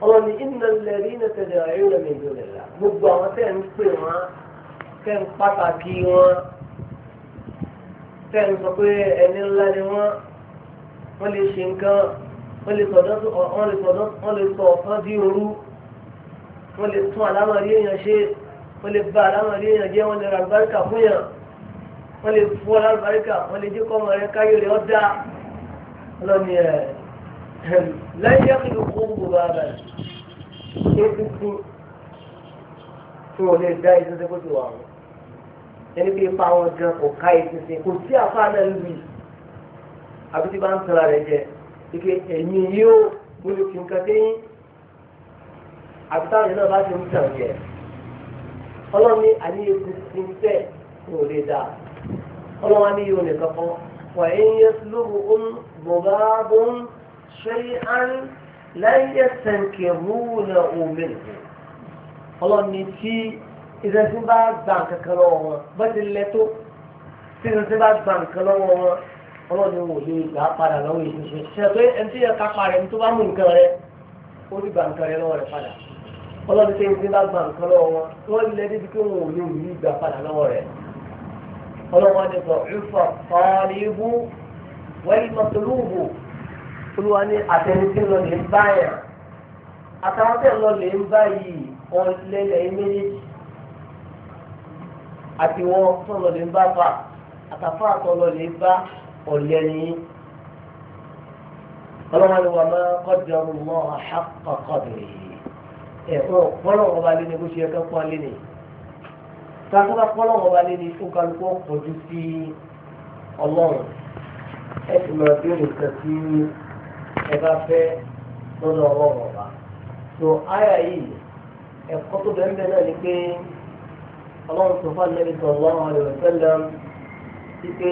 B: ọlọ́run ní ìnà lẹ́rìí iná tẹ̀lé àìrìn àmì ìlú rẹ̀ la gbogbo àwọn tẹ́ ń pè wọ́n tẹ́ ń pàtàkì wọ́n tẹ́ ń sọ pé ẹni ńlá ni wọ́n wọ́n lè ṣe nǹkan wọ́n lè sọ̀dọ̀ wọ́n lè tún àlámọ̀rí èèyàn ṣe wọ́n lè ba àlámọ̀rí èèyàn jẹ́ wọ́n lè ra àlùbáríkà fún yàn wọ́n lè fún ọ lálùbáríkà wọ́n lè jẹ́ kọ́ ọmọ rẹ káyé rẹ ọ́ dáa ọlọ́ni ẹ̀ lẹ́yìn ẹ̀kìlú kó gbogbo ara rẹ̀ egungun tí wọ́n lè dá iṣẹ́ sẹ́kọ̀ọ́ ti wà wọ́n ẹni pé ipa wọn gan kò ká iṣẹ́ kò sí àfa náà lù àbí tí bá ń tẹ̀ra rẹ̀ jẹ ike ẹ̀yìn yìí ó mo lè nǹkan àbí táwọn náà bá ti ń tàn yẹ ọlọ́run ní àníyé kùsùn tẹ̀ ní òde dà ọlọ́run àníyé òní kankan wà á yẹ lóru ń bọ̀gá bó ń ṣe án láyé sẹ̀ǹkẹ̀ rúùnà òmè ọlọ́run ní tí ìrẹsì bá gbà kankan lọ́wọ́ wọn bá ti lẹ tó tí ìrẹsì bá gbà kankan lọ́wọ́ wọn ọlọ́run wò lè gbà padà lọ́wọ́ ìṣẹ̀ṣẹ̀ pé ẹni tí yẹ ká parẹ́ ní tó bá mú nǹkan rẹ ó ti gbà nǹkan rẹ lọ́wọ́ rẹ padà ọlọ́run ṣe ń fi bá gba nǹkan lọ́wọ́ wọn wọ́n lé débi pé wọn ò lè rí ìgbà padà lọ́wọ́ rẹ̀ ọlọ́run ni sọ ìfọ̀ ọ̀ọ́nìbù wẹ́lìmọ̀tòlúùbù olúwa ní àtẹnudí lọ lè ń báyà àtàwọn tẹ̀ lọ lè ń báyìí ọ̀lẹ́lẹ̀ méjèèjì àti wọn tó lọ lè ń bá fà àtàfà tó lọ lè ń bá ọ̀lẹ́ ní ọlọ́run ni wàá máa kọ́ ẹ̀fọ́ pọ́lọ́wọ́ bá lé ní bó ṣe ẹ̀kọ́ pọ́n lé ní sáfúnà pọ́lọ́wọ́ bá lé ní fún kálukú ọ̀pọ̀jù sí ọlọ́run ẹ sì máa béèrè nǹkan tí ẹ bá fẹ́ lọ́dọ̀ ọlọ́run ọba tó àyà yìí ẹ̀kọ́ tó bẹ́ẹ̀ bẹ́ẹ̀ náà ni pé ọlọ́run tó fà lẹ́bi tó ọlọ́run àlè òṣèlè sí pé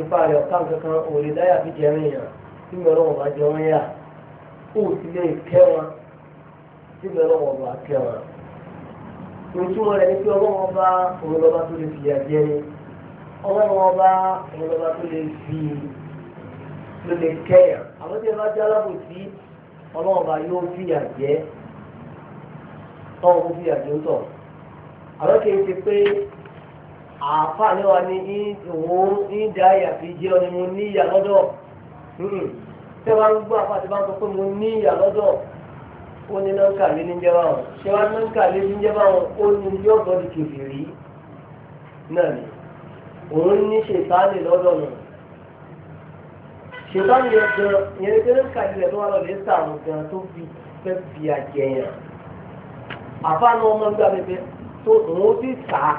B: ipa rẹ̀ ọ̀ká nǹkan kan òrè dáyà fi jẹ́rìn yàn tí mi síbẹ̀ ọlọ́wọ́ ọba àti ọ̀rọ̀ ìtumọ̀ rẹ̀ ni pé ọlọ́wọ́ ọba tó lè fi ni ọlọ́wọ́ ọba tó lè fi tó lè àwọn tí ẹ bá ọlọ́wọ́ ọba yóò fi tọ́wọ́ kó fi tọ̀ àwọn kì í ṣe pé wa ni àyàfi jẹ́ ni mo ní ìyà lọ́dọ̀ hmm. gbọ́ sọ pé ó ní nọ́ńkàlé ní jẹ́ báwọn ṣé wá nọ́ńkàlé ní jẹ́ báwọn ó ní yóò bọ́dì kìfìrí náà ni òun ní ṣètánì lọ́dọ̀ nù ṣètánì yẹn gan yẹn ní pé nọ́ńkàlé rẹ̀ tó wà lọ́dẹ̀ sàrùn gan tó fi fẹ́ fi àjẹyàn àfáàní ọmọ ń gbà pépé tó òun ó ti sà á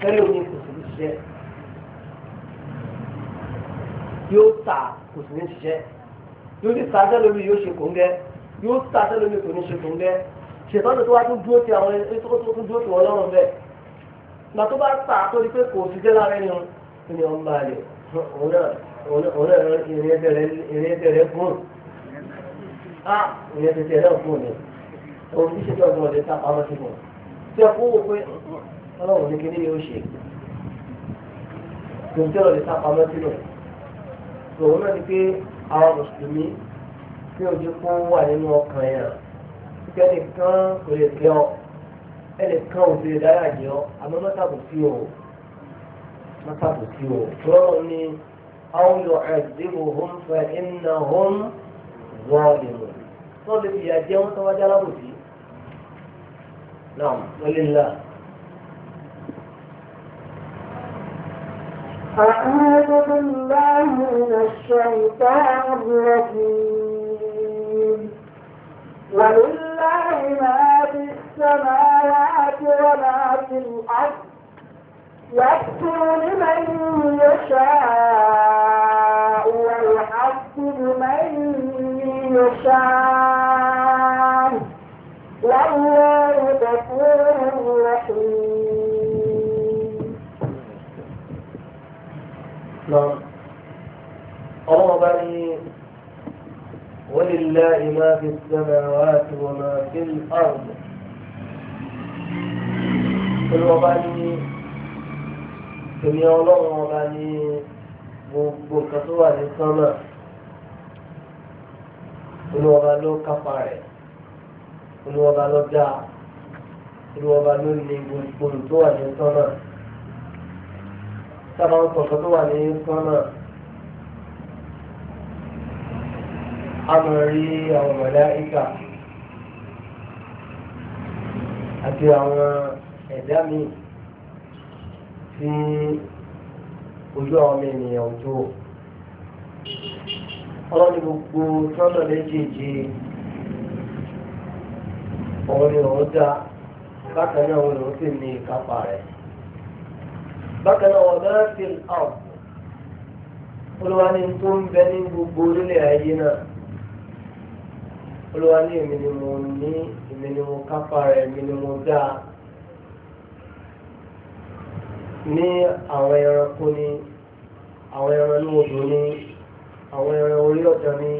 B: fẹ́lẹ́ òní kò sí ṣiṣẹ́ yóò sà kò sí ní ṣiṣẹ́ yóò ti sà á fẹ́lẹ́ òní yóò ṣe kò ń gẹ́ yóò ta sẹ́lẹ̀ mi kò ní ṣe fún bẹ́ẹ̀ ṣètọ́nù tó wá tún dúró ti àwọn ẹni tó tún dúró ti wọn lọ́rùn bẹ́ẹ̀ ìgbà tó bá ta tó di pé kò ṣiṣẹ́ lára ẹni wọn ni wọn bá lè òun náà ìrìn ẹsẹ̀ rẹ̀ gùn á ìrìn ẹsẹ̀ rẹ̀ gùn ni òun ti ṣètò ọdún ọdẹ ta pamọ́ sí fún un tí ẹ kó wò pé ọlọ́run ní kíní yóò ṣe tí ojú kó wà nínú ọkàn yẹn kíkẹ́ nìkan kò lè kẹ́ ọ ẹnìkan ò sì lè dára jẹ ọ àmọ́ mọ́tàkù sí o mọ́tàkù sí o tọ́lọ́ ni àwọn yọ àdébò hom fẹ́ iná hom wọ́ọ̀lì mọ̀ tó lè fìyà jẹ wọn tó wá alábòsí náà wọlé ńlá.
A: أعوذ بالله من الشيطان الرجيم ولله ما في السماوات وما في الأرض يغفر لمن يشاء ويعذب من يشاء والله غفور رحيم
B: نعم ولله ما في السماوات وما في الأرض الوضع èmi ọlọ́run ọba ní gbogbo nǹkan tó wà ní sánmà olúwọba ló kápá rẹ̀ olúwọba ló dá olúwọba ló ní gbogbo tó wà ní sánmà sábà ń sọ̀tọ̀ tó wà ní sánmà. amọ̀rí àwọn màláíkà àti àwọn ẹ̀dá mi tí ojú àwọn ọmọ ènìyàn tó ọlọ́ni gbogbo sọ́nà méjèèjì òun ni òun dá bákan náà òun lòún sì ní ìkápá rẹ̀ bákan náà wọ́n bẹ́ẹ̀ fi àwọn olùwà ni tó ń bẹ ní gbogbo orílẹ̀ ayé náà olúwa ní èmi ni mo ní èmi ni mo kápá rẹ̀ èmi ni mo dá ní àwọn ẹranko ni àwọn ẹran inú odò ni àwọn ẹran orí ọ̀dàn ni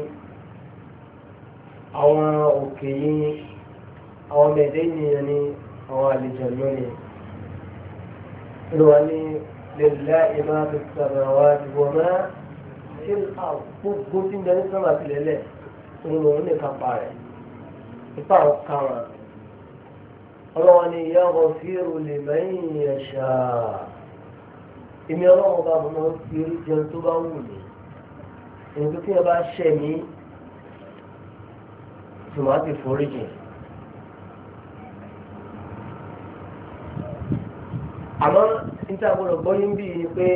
B: àwọn òkè yìí ni àwọn ọmọ ènìyàn ni àwọn àlejò lónìí olúwa ní lèlá ìmáàbí sàràwá ìwọ̀n máa ṣe àpò gbóṣìndẹ́ ní òun lòun nìkan pa rẹ̀ ipa àwọn kan wọn ọlọ́wọ́n ni ìyá ọkọ̀ fíìrù lè mẹ́yìn ẹ̀ṣà èmi ọlọ́wọ́n bá mọ̀ náà fi orí jẹun tó bá wù mí èmi tí wọ́n bá ṣẹ̀ mí tòmátì foríjì. àmọ́ níta gbọ́dọ̀ gbọ́ yín bí i pé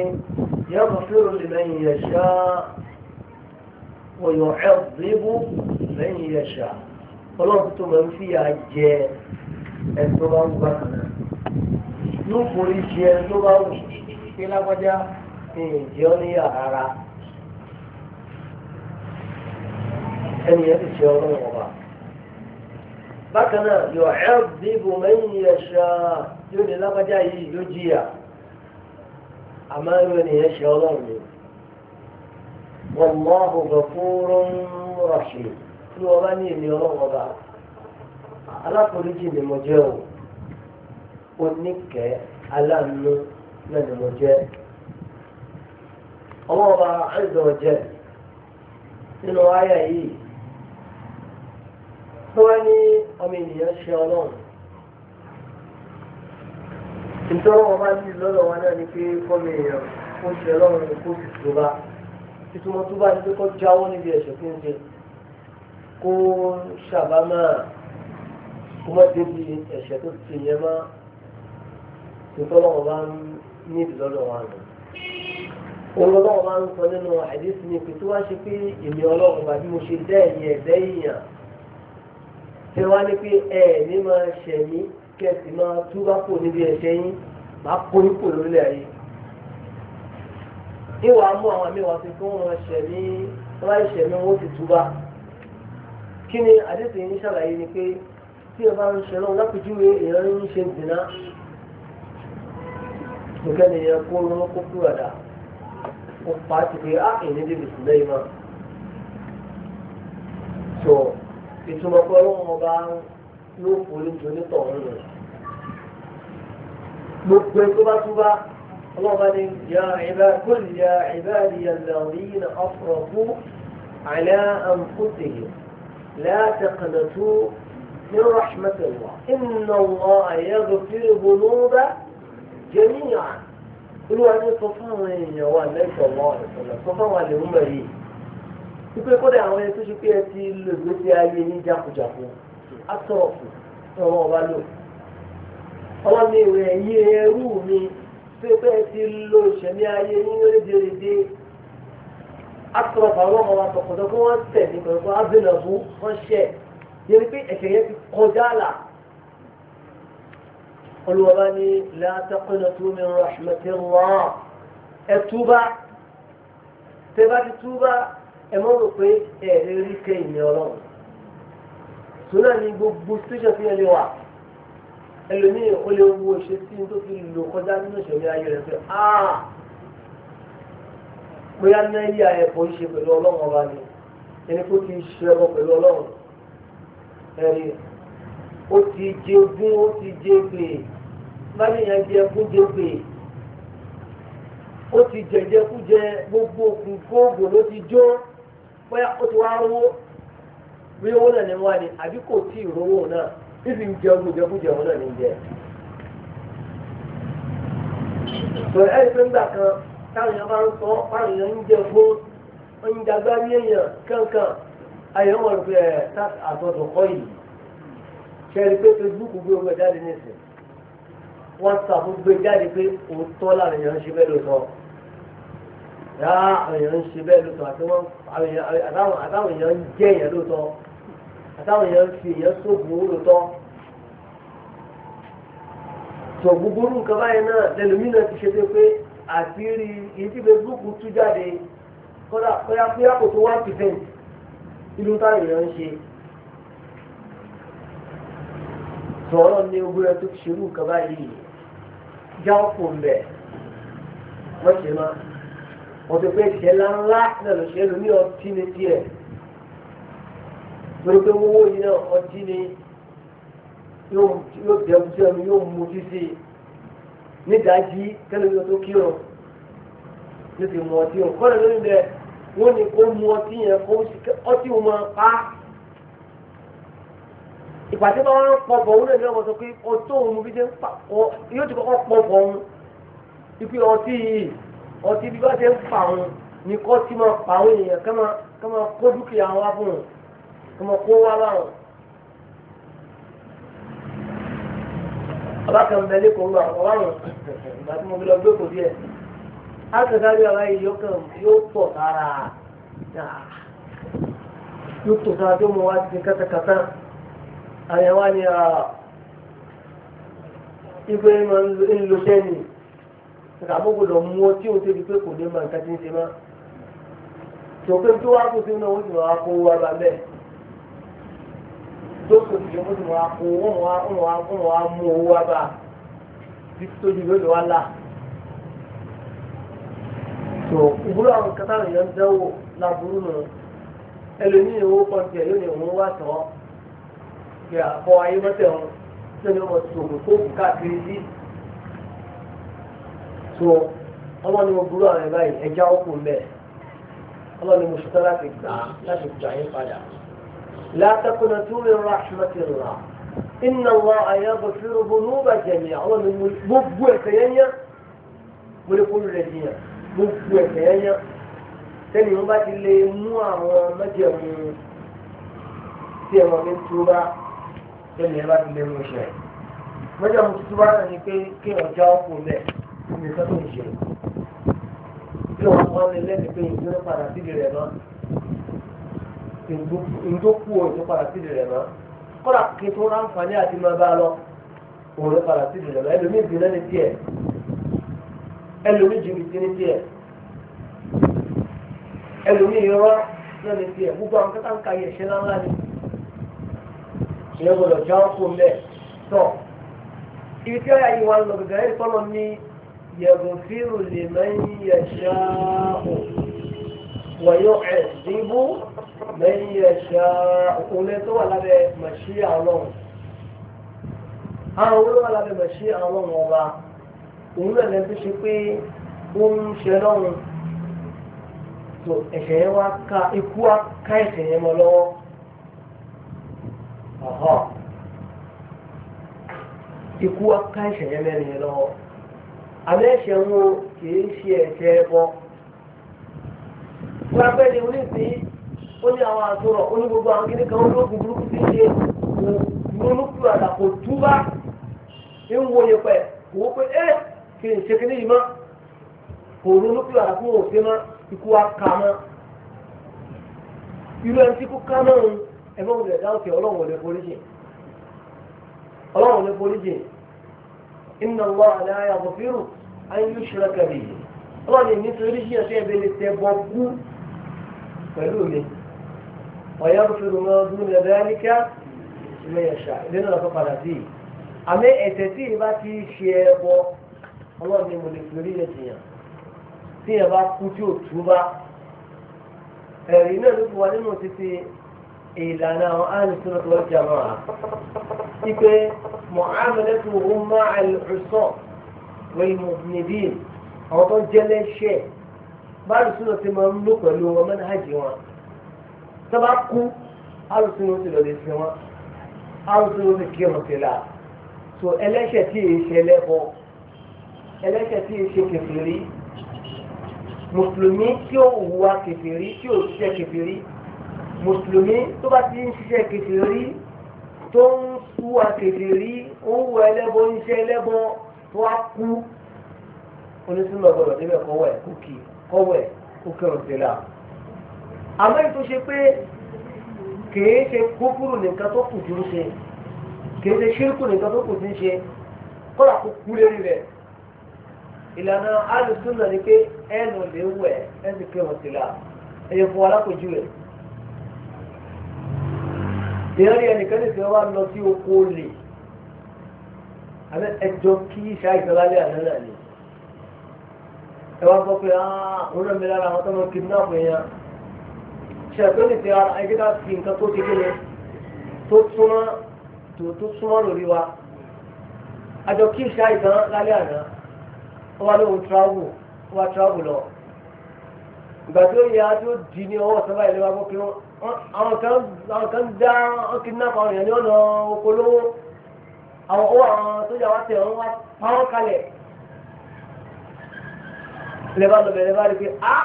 B: ìyá ọkọ̀ fíìrù lè mẹ́yìn ẹ̀ṣà ọ̀yọ̀ ẹ̀rọ lẹ́yìn ẹ̀ṣà ọlọ́run tó máa ń fìyà jẹ ẹni tó bá ń gbà yóò forí jẹ ẹni tó bá wù pé lágbájá ìjẹ́ ọ ní àrà ẹni ẹ ti ṣe ọlọ́run ọba bákan náà yọ ẹ̀rọ lẹ́yìn ẹ̀ṣà yóò ní lágbájá yìí ló jìyà àmọ́ ẹ̀rọ ẹni ẹ̀ ṣe ọlọ́run ni. والله غفور رحيم tí wọ́n bá ní èmi ọlọ́wọ́ bá alákòóríjì ni mo jẹ́ o oníkẹ́ aláàánú náà ni mo jẹ́ ọlọ́wọ́ bá àìsàn ọ̀jẹ́ nínú àyà yìí tí wọ́n ní ọmọ ènìyàn ṣe ọlọ́run nítorí wọn ní lọ́dọ̀ wọn náà ni pé kọ́mi èèyàn kó ṣe ọlọ́run kó sì tó bá ìtumọ̀ tó bá ń pé kọ́ jáwọ́ níbi ẹ̀ṣẹ̀ tó ń jẹ kó ṣàbámà kó má débi ẹ̀ṣẹ̀ tó ti yẹn má ìtọ́lọ́wọ́ bá ń ní ìdílọ́dọ̀ wa nù. olùdókòwò bá ń sọ nínú àdéhùn ní pé tó wá ṣe pé èmi ọlọ́run bá bí mo ṣe dẹ́ ẹ̀yìn ẹ̀dẹ́ èèyàn ṣe wá ní pé ẹ ní máa ṣẹ̀mí kẹsì máa túbá kò níbi ẹ̀ṣẹ̀ yín máa kó yín kò lórílẹ̀ ayé. ìwà mú àwọn àmì wọn ti fún wọn ṣẹ̀mí wọn láì ṣẹ̀mí wọn ó ti túbà kí ni àdéhùn yìí ń ṣàlàyé ni pé tí ẹ bá ń ṣe náà lápèjúwe èèyàn ń ṣe dìnnà nǹkan èèyàn kó ló kó kúrò dà ó pa á ti pé á ah, ọba yóò forí ju rẹ̀ gbogbo ẹ tó اللهم يا عباد كل يا عبادي الذين أفرطوا على أنفسهم لا تقنطوا من رحمة الله إن الله يغفر الذنوب جميعا قلوا أن صفان يوان ليس الله عليه وسلم صفان لي wípé kódà àwọn ẹni tó ṣe pé ẹ ti lo ìgbésí ayé yín jákujàku atọ́ọ̀fù ọmọ ọba lò ọlọ́ni pé bẹ́ẹ̀ ti lo ìṣẹ̀mí ayé yín rédíòrédé atọ́rọ̀fà ọlọ́mọ wa tọkọtọ́ kí wọ́n tẹ̀ ní pẹ̀lú abinabu wọ́n ṣẹ̀ yẹn pé ẹ̀ṣẹ̀ yẹn ti kọjá àlà olùwàbá ni la taqnatu min rahmatillah ẹ̀ túbá tẹ́ bá ti túbá ẹ mọ̀ rò pé ẹ̀ẹ́dẹ́rì kẹ́yìn ni ọlọ́run sọ́nà ni gbogbo station fi ẹ lè wà ẹlòmíì ó lè wo ṣe sí tó fi lò kọjá nínú ìṣẹ̀lẹ̀ ayé rẹ̀ pé áà ah, bóyá náírà ẹ̀kọ́ ṣe pẹ̀lú ọlọ́run ọba ni ẹni tó ti ṣe ẹbọ pẹ̀lú ọlọ́run ẹ̀rí ó ti jẹ ogún ó ti jẹ gbè báyìí yẹn jẹ ogún jẹ gbè ó ti jẹjẹkújẹ gbogbo òkun kóògùn ló ti jó bóyá ó ti wá rówó bí owó náà ni wá ni àbí kò tí ì rówó náà fífi ń jẹ ọgbọ̀n ìjọkújẹ ọ̀hún náà ní jẹ. sọ ẹ́ ẹ́ nígbà kan táwọn èèyàn ń sọ fáwọn èèyàn ń jẹ gbó ń jagbá ní èèyàn kankan ayé wọn rò pé ẹ̀ kọ́ yìí kẹ́rì pé Facebook gbé owó jáde nísìn WhatsApp gbé jáde pé òótọ́ làwọn èèyàn ń ṣe bẹ́ẹ̀ lóòótọ́ yàrá àwọn èèyàn ń ṣe bẹ́ẹ̀ lóòótọ́ àti wọn àtàwọn èèyàn ń jẹ́ èèyàn lóòótọ́ táwọn èèyàn fi èèyàn sóògùn owó lòótọ́ tó gbogbo orú nǹkan báyìí náà lẹ́lòmí náà ti ṣe pé pé àti rí iye tí Facebook tú jáde kódà kóyá kóyá kò tó one percent ìlú táwọn èèyàn ń ṣe sọ̀rọ̀ ní ogún ẹ tó ṣerú nǹkan báyìí já ọ̀pọ̀ ń bẹ̀ wọ́n ṣe máa wọ́n ti pé ìṣẹ̀lá ńlá náà lọ́ṣẹ́ lómi ọtí ní torí pé owó yìí náà ọtí ni yóò dẹ́kun sí ẹnu yóò mú títí nídàájí kẹ́lẹ́mí tó kírun yóò ti mú ọtí o kọ́lẹ̀ lónìí bẹ́ẹ̀ wọ́n ní kó mú ọtí yẹn kó ọtí wọn máa pa á ìpàdé bá wọn pọ̀ bọ̀ wọn lè lọ́wọ́ sọ pé ọtí òun mú bí ṣe ń pa ọ yóò ti kọ́kọ́ pọ̀ bọ̀ wọn ipe ọtí yìí ọtí bí wọ́n ṣe ń pa wọn ni kọ́ tí máa pa àwọn èèyàn kẹ́ máa kó dúkìá wọn wá fún wọn ọmọ kó wá báwọn. alákan bẹ lẹ́kọ̀ọ́ ńlọ àwọn ìgbà tí mo fi lọ gbé kò díẹ̀. akẹ́kọ̀ọ́ yàrá yìí yóò kàn yóò pọ̀ sára yóò tó sára tó mọ wá di kátàkátà àyẹ̀wò ni ìgbé ń sẹ́ni ìgbàgbọ́ gbọdọ̀ mú ọ tí o ti di pé kò ní ma nǹkan ti ń ṣe má. tòkè tó wá kó sínú náà wọ́n máa kó wá bá bẹ́ẹ̀ jókòó ti yọmọ ìwà kó wọn wà wọn wà wọn wà mú owó wá bá títí tó di lóde wá là. tó ìwúlò àwọn kátà nìyẹn ń dẹ́wò láburú nù ẹlòmíì owó kan tiẹ̀ lónìí òun wá tán kí àkọ́ ayé mọ́tẹ̀ wọn sẹ́ni ọmọ tòkò tó kù káàkiri sí. tó ọmọ ni mo burú àwọn ẹ̀ báyìí ẹja ọkùnrin bẹ́ẹ̀ ọmọ ni mo ṣetán láti gbà láti gbà yín padà. لا تقنطوا من رحمة الله إن الله يغفر ذنوب جميعا ومن مبوع كيانيا ولكل الذين مبوع كيانيا tẹ́lẹ̀ wọ́n bá ti lè mú àwọn mẹ́jẹ̀mú tí ẹ̀wọ̀n mi tó bá tẹ́lẹ̀ wọ́n bá ti lè mú ṣe. mẹ́jẹ̀mú tuntun bá náà ni pé kí ọjà ọkọ̀ lẹ̀ fún mi sọ́tò ìṣe. kí wọ́n wọ́n lé lẹ́nu pé ìgbéró padà síbi rẹ̀ náà ìjó kú o ìjó padà sí ìdìrẹ̀ mọ́ kọ́dà kí tó ráǹfààní àti máa bá a lọ òun ló padà sí ìdìrẹ̀ mọ́ ẹlòmíì ìdìrẹ̀ ní tiẹ̀ ẹlòmíì jìbìtì ní tiẹ̀ ẹlòmíì irọ́ náà ní tiẹ̀ gbogbo àwọn kẹta ń ka yẹ ṣẹ́ ńláńlá ni ìyẹn gbọdọ̀ já ọkọ mẹ́ tọ̀ ibi tí ọ̀yà yìí lọ gẹ̀gẹ̀ ẹ̀rí kọ́lọ́ ní yẹ̀gùn fírù lè mẹ́yìn yẹ̀ ṣáà wọ̀nyọ́ ẹ̀ dìbò lẹ́yìn ẹ̀ṣà òkúnlẹ̀ tó wà lábẹ́ màṣí àlọ́run àwọn olówó lábẹ́ màṣí àlọ́run ọba òun náà lẹ́nu tó ṣe pé ó ń ṣe lọ́run tó ẹ̀ṣẹ̀ yẹn wá ká ikú wá ká ẹ̀ṣẹ̀ yẹn mọ́ lọ́wọ́ ikú wá ká ẹ̀ṣẹ̀ yẹn mẹ́rin yẹn lọ́wọ́ àmì ẹ̀ṣẹ̀ wọn kì í ṣe ẹ̀ṣẹ̀ ẹ̀bọ. wọ́n á pẹ́ ní oníṣìí. onye ní àwọn onye ó ní gbogbo àwọn kíní kan olóògùn ihe ti ṣe kò lólùkù àdà e túbá ń wo yẹpẹ̀ kò wó pé ẹ kì í ṣe kíní yìí mọ́ kò lólùkù àdà kò wò sí mọ́ ikú wa kà mọ́ inna Allah la yaghfiru an yushraka bihi ọlọ́run ويغفر ما دون ذلك لمن يشاء لنا فقط دي àmì ẹ̀ṣẹ̀ tí ìbá ti ṣe ẹbọ ọlọ́run ni mo lè fi orílẹ̀ tìyàn tí yẹn bá kú tí ò túbá ẹ̀rí náà ló fi wá nínú títí ìlànà àwọn àìsàn tó lọ́jà máa ipe mọ̀hámẹ́lẹ́ tó ń má àìsàn wẹ́ẹ̀mù níbí àwọn tó ń jẹ́lẹ́ṣẹ̀ bá àìsàn tó máa ń lò pẹ̀lú ọmọ náà jì wọn tó bá kú alùsùn ló ti lọ lè fi wọn alùsùn ló ti kírun sí la so ẹlẹ́ṣẹ̀ tí èyí ṣe lẹ́bọ ẹlẹ́ṣẹ̀ tí èyí ṣe kẹfìrí mùsùlùmí tí ó hùwà kẹfìrí tí ó ṣiṣẹ́ kẹfìrí mùsùlùmí tó bá ti ń ṣiṣẹ́ kẹfìrí tó ń hùwà kẹfìrí ó ń wọ ẹlẹ́bọ ń ṣe ẹlẹ́bọ tó á kú onísùnmọ̀ gbọdọ̀ débẹ̀ kọ́wọ́ ẹ̀ kó kì í kọ́wọ́ ẹ̀ kó kẹrùn sí la àmọ́ ètò ṣe pé kìí ṣe kúkúrú nìkan tó kù tí ń ṣe kìí ṣe ṣírkù nìkan tó kù tí ń ṣe kọ́lá kó kú lérí rẹ̀ ìlànà alùsùn náà ni pé ẹnu lè wẹ̀ ẹnu pé wọ́n ti la ẹ̀yẹ fún wa lápòjú rẹ̀ ìyẹn rí ẹnìkan nìkan wá lọ sí oko lè àbẹ ẹjọ kí ìṣá ìṣọlálẹ àná náà ni ẹ wá gbọ́ pé ah òun náà mi lára àwọn tó ń kidnap yẹn ṣẹ̀pẹ́ lè fi ara ẹgbẹ́ dá sí nǹkan tó ti gbélé tó súnmọ́ tó tó súnmọ́ lórí wa àjọ kí ìṣe àìsàn lálẹ́ àná ó wá lóhun travel ó wá travel lọ ìgbà tó yẹ á tó di ní ọwọ́ sábà ilé wa gbọ́ pé àwọn kan àwọn kan dá wọn kidnap àwọn èèyàn ní ọ̀nà oko lówó àwọn owó àwọn sójà wa tẹ̀ wọ́n wá pa wọ́n kalẹ̀ lẹ́bàá lọ bẹ̀rẹ̀ bá rí pé ah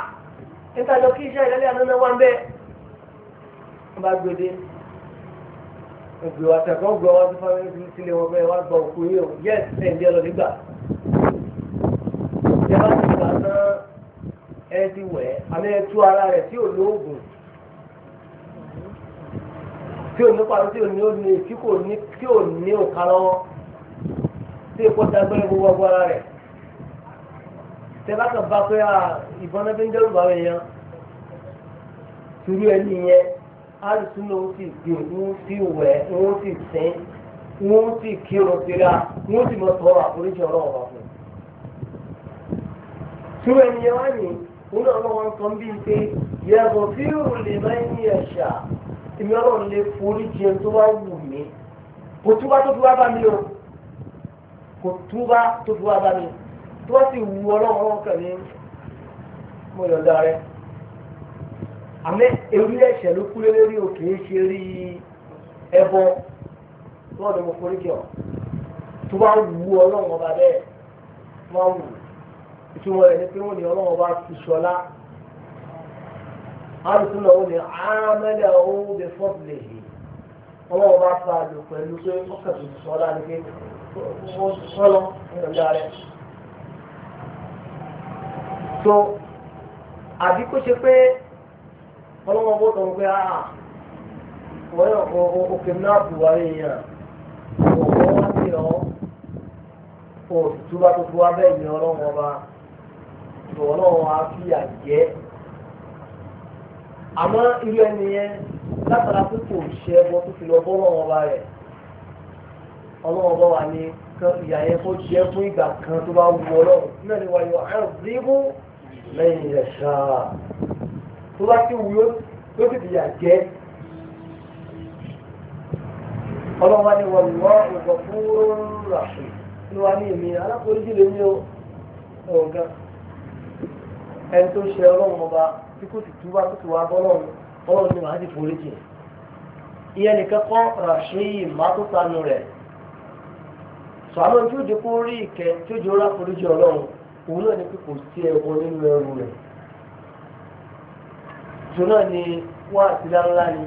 B: níta àjọ kí ìṣe àìsàn lálẹ́ àná náà wá ń bẹ́ẹ̀ wọ́n bá gbé dé ògbè àtẹ̀kọ́ gbé wá sí fáwọn ẹni tí ilé wọn bẹ́ẹ̀ wá gbọ́ òkú yìí o yẹ́ ẹ̀ ń jẹ́ lọ nígbà. ìjẹ́ bá ti gbà ná ẹ ti wẹ̀ ẹ́ àmì ẹ tú ara rẹ̀ tí ò ní oògùn tí ò ní parí tí ò ní oògùn tí kò ní tí ò ní òkà lọ́wọ́ tí èkó ti agbẹ́rẹ́ gbogbo ọgbọ́ ara rẹ̀. ìjẹ́ bá kan bá pé ìbọn náà fi ń dẹ́rù bá wọn yẹn alùsùn náà wọ́n sì gbìn wọ́n sì wẹ̀ wọ́n sì sìn wọ́n sì kírun síra wọ́n sì mọ tọrọ àforíjì ọ̀rọ̀ ọ̀rọ̀ fún un. sùrọ̀ ènìyàn wá ní òun náà wọ́n sọ bíi pé yàtọ̀ sí òrùlé máa ń ní ẹ̀ṣà èmi ọlọ́run lè forí jẹun tó bá wù mí kò túbá tó fi wá bá mi o kò túbá tó fi wá bá mi tó bá sì wù ọlọ́run ọkàn mi mo yọ̀ǹda rẹ̀ àmì ewì ẹ̀ṣẹ̀ ló kú lórí òkè ṣe rí ẹbọ lọ́wọ́ ni mo forí kí ọ tó bá wù ú ọlọ́run ọba bẹ́ẹ̀ tó bá wù ú ìtumọ̀ rẹ̀ ni pé wọ́n ní ọlọ́run ọba ti ṣọlá alùpùpù náà wọ́n ní àmẹ́lẹ̀ ọ̀hún bẹ fọ́ọ̀bùlẹ̀ yìí ọlọ́run ọba fa lò pẹ̀lú pé ọkàn tó ṣọlá ni pé ó sọ́lọ́ nígbà rẹ̀ ọlọ́wọ́ bó tọ̀ pé àà ah, wọ́n yọ òkè náà bù wá èèyàn òkè wá sí òtútù bá tó tó wá ọlọ́wọ́ bá ọlọ́wọ́ á fi àjẹ́ àmọ́ irú ẹni yẹn látara tó kò ṣe ẹbọ tó fi lọ bọ́ ọlọ́wọ́ bá rẹ̀ ọlọ́wọ́ bá wà ní ìyá yẹn kó jẹ́ fún ìgbà kan tó bá wù ọlọ́wọ́ náà ni wàá yọ ẹ̀rọ bíbú lẹ́yìn ẹ̀ṣá tó bá ti wúyó tó ti fìyà jẹ ọlọ́wọ́ ni wọ́n lọ́ ìgbọ̀ fúró ràṣì ní wa ní èmi alákòóríjì lè ní ọ̀gá ẹni tó ṣe ọlọ́run ọba tí kò sì túbá tó ti wá bọ́lọ́run ọlọ́run ni màá ti foríjì ìyẹn nìkan kọ́ ràṣì má tó sanu rẹ̀ sọ̀rọ̀ tí ó di kó rí ìkẹ́ tí ó di ó rà foríjì ọlọ́run òun náà ni pé kò sí ẹ̀wọ̀n nínú ẹrù rẹ̀ tó náà ni wá àtìlá ńlá ni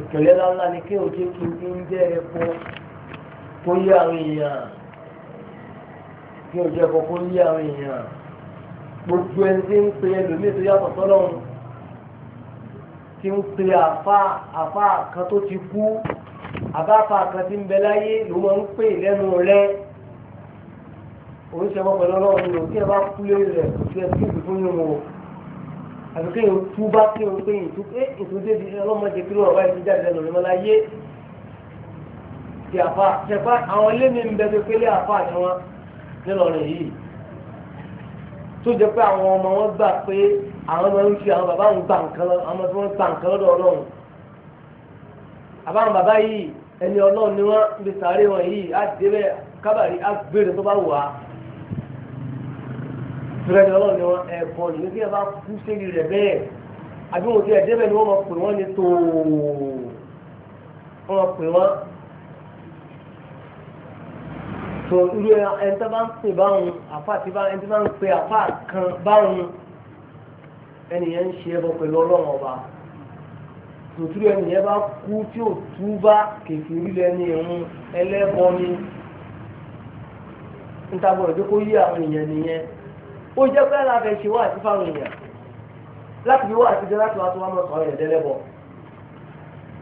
B: ìpẹ̀lẹ́ ńlá ni kí òjò kí n jẹ́ ẹ̀kọ́ kó yé àwọn èèyàn kí òjò ẹ̀kọ́ kó yé àwọn èèyàn gbogbo ẹni tí ń pe ẹlòmíì tó yàtọ̀ sọ́lọ́run tí ń pe àfa àfa kan tó ti kú àbáfa kan tí ń bẹ láyé ló máa ń pè lẹ́nu rẹ oríṣiríṣi ọmọ pẹ̀lú ọlọ́run ló kí ẹ bá kú lé rẹ̀ kò sí ẹ sí ìdúró yín o àti kí n tú bá kí n pé ìtú pé ìtúndé di ọlọ́mọdé kí lóòrọ̀ báyìí ti jáde lẹ́nu ní mọ́lá yé ti àfa ṣẹ̀fá àwọn ilé mi ń bẹ pé pélé àfa ni wọn nílọrin yìí tó jẹ́ pé àwọn ọmọ wọn gbà pé àwọn ọmọ ń fi àwọn bàbá ń gbà nǹkan lọ àwọn ọmọ tí wọ́n gbà nǹkan lọ́dọ̀ ọlọ́run àbáwọn bàbá yìí ẹni ọlọ́run ni wọ́n ń bi sàárè wọn yìí á débẹ̀ kábàárì á gbére tó bá wù á ìrẹ́ni ọlọ́run ni wọ́n ẹ̀bọ nìyẹn bí ẹ bá kú sérí rẹ̀ bẹ́ẹ̀ àbí wọn ò tiẹ̀ débẹ̀ ni wọ́n máa pè wọ́n ní tòó wọ́n máa pè wọ́n tó irú ẹni tó bá ń pè báwọn àfa àti ẹni tó bá ń pè àfa kan báwọn ẹnìyẹn ń ṣe ẹbọ pẹ̀lú ọlọ́run ọba tòtúrú ẹnìyẹn bá kú tí ò túbá kèfèrí lẹ́ni ìrún ẹlẹ́bọ ni ń tagbọ̀rọ̀ yí àwọn èèyàn nìyẹn ó jẹ́ pé aláfẹ́ ṣe wá àti fáwọn èèyàn láti fi wá àtijọ́ láti wá tó wá mọ̀ sọ̀rọ̀ yẹn délẹ́bọ̀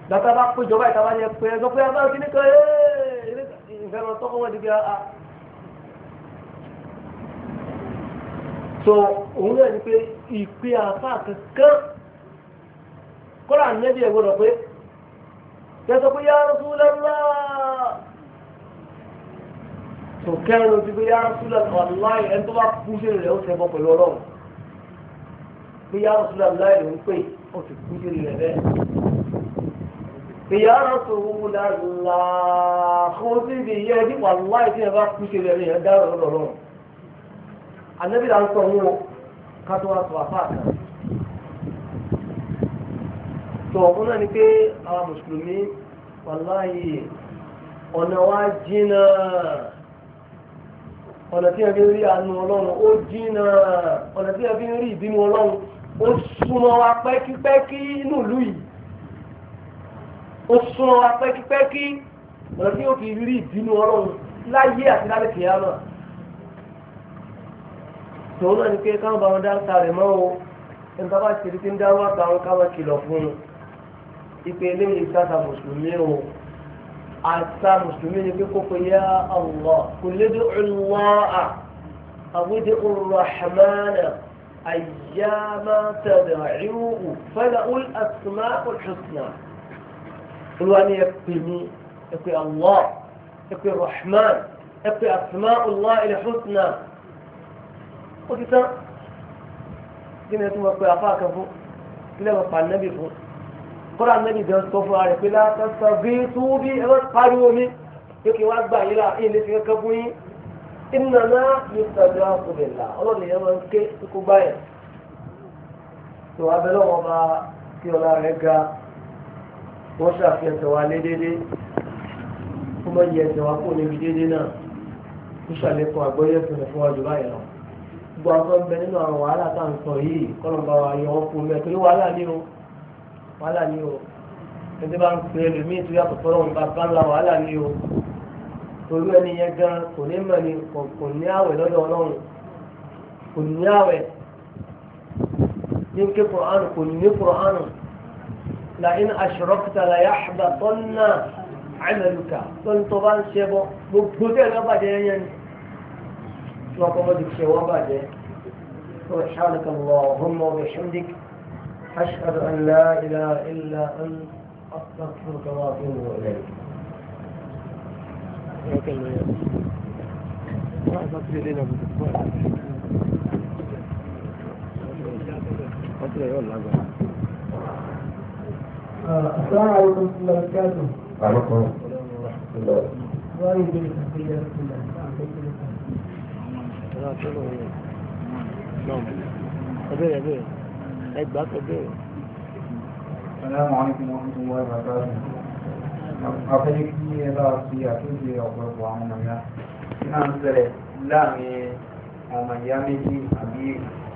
B: bàbá bá pé ìjọba ìta bá yẹ pé ẹ sọ pé abáwọn kìíní kan ìfẹ́ lọ tọ́kọ́ wọn dìgbà a. so òun náà ni pé ìpè àfa kankan kọ́ra nẹ́bí ẹ̀ gbọ́dọ̀ pé yẹ sọ pé yá Rasulullah tó kẹrin ojú pé yára súlẹ̀ ọ̀láì ẹni tó bá kú sílẹ̀ rẹ̀ ó ṣe bọ́ pẹ̀lú ọlọ́run pé yára súlẹ̀ ọ̀láì ló ń pè ó sì kú sílẹ̀ rẹ̀ bẹ́ẹ̀. ìyá ara tó wù lálá kó síbi iye ẹni wàláì tí ẹ bá kú sílẹ̀ rẹ̀ yẹn dáhùn lọ́dọ̀ ọlọ́run. ànábì là ń sọ wọn ká tó wá sọ àfáà kan. tó ọ̀hún náà ni pé àwọn mùsùlùmí wàláì ọ̀nà wa jìnnà ọ̀nà tí a fi ń rí àánú ọlọ́run ó jìnnà ọ̀nà tí a fi ń rí ìbínú ọlọ́run ó súnmọ́ wa pẹ́kípẹ́kí inú ìlú yìí ó súnmọ́ wa pẹ́kípẹ́kí ọ̀nà tí yóò fi rí ìbínú ọlọ́run láyé àti lábẹ́ kìíyàmà tòun náà ni pé káwọn bá wọn dá ń ta rẹ̀ mọ́ o nǹkan bá ti di ti ń dá wọn àtàwọn káwọn kìlọ̀ fún un ìpele ìsáta mùsùlùmí o àṣà mùsùlùmí ni pé kókó yá Allah kò lédè ọlọ́à àwùjẹ ọ̀rọ̀hàmánà àyàmá tad'uhu fẹ́lẹ̀ ul asma'ul husna olúwa ni ẹ pè mí ẹ pè Allah ẹ pè rahman ẹ pè asma'ullahi al-husna ó ti tán kí ẹ tún wọ pé afá kan fún kí lẹ́wọ̀n pa nẹ́bì fún kọ́lá mẹ́rin jẹ́ sọ fún ààrẹ pé látàtà bí túbí ẹ̀rọ pariwo mi pé kí wá gbà yíra ilé fi kankan fún yín iná náà yóò tàbí àkùnrinlá ọlọ́run yẹn máa ń ké kó gbá tó abẹ́lẹ́ wọn bá kí ọlá rẹ̀ ga wọ́n ṣàfihàn tẹ̀wá lé déédé kó mọ̀ yẹ tẹ̀wá kó níbi déédé náà kó ṣàlékún àgbọ́yé fún ẹ̀fọ́ wájú báyìí lọ. gbogbo àwọn ọmọ bẹ nínú àwọn wàhálà tá à ń sọ yìí kọ́lọ̀ wàhálà ni o ẹgbẹ́ bá ń pè é lómi tó yàtọ̀ fọ́lọ́ wọn bá ńlá wàhálà ni o torí ẹni yẹn gan kò ní mọ̀ ni kò ní àwẹ̀ lọ́dọ̀ ọlọ́run kò ní àwẹ̀ ní ké kùránù kò ní kùránù la in aṣọ́rọ́kìtà la yà àbá tọ́nà àmẹ́lùkà tọ́ni tó bá ń ṣe bọ́ gbogbo tẹ́ lọ́ bàjẹ́ yẹn ni tí wọ́n ti ṣe wọ́n bàjẹ́. سبحانك اللهم وبحمدك أشهد أن لا إله إلا أنت أستغفرك وأتوب إليك السلام عليكم ورحمة الله وبركاته. وعليكم السلام ورحمة الله. وعليكم السلام ورحمة الله. نعم. أبي أبي. ẹgbà kẹgbẹ́
A: rẹ̀. afẹ́lẹ́ kí ẹ bá fi àtúnṣe ọ̀pọ̀lọpọ̀ àwọn ọmọ ya kí náà ń ṣẹlẹ̀ láàrin ọmọ ìyá méjì àbí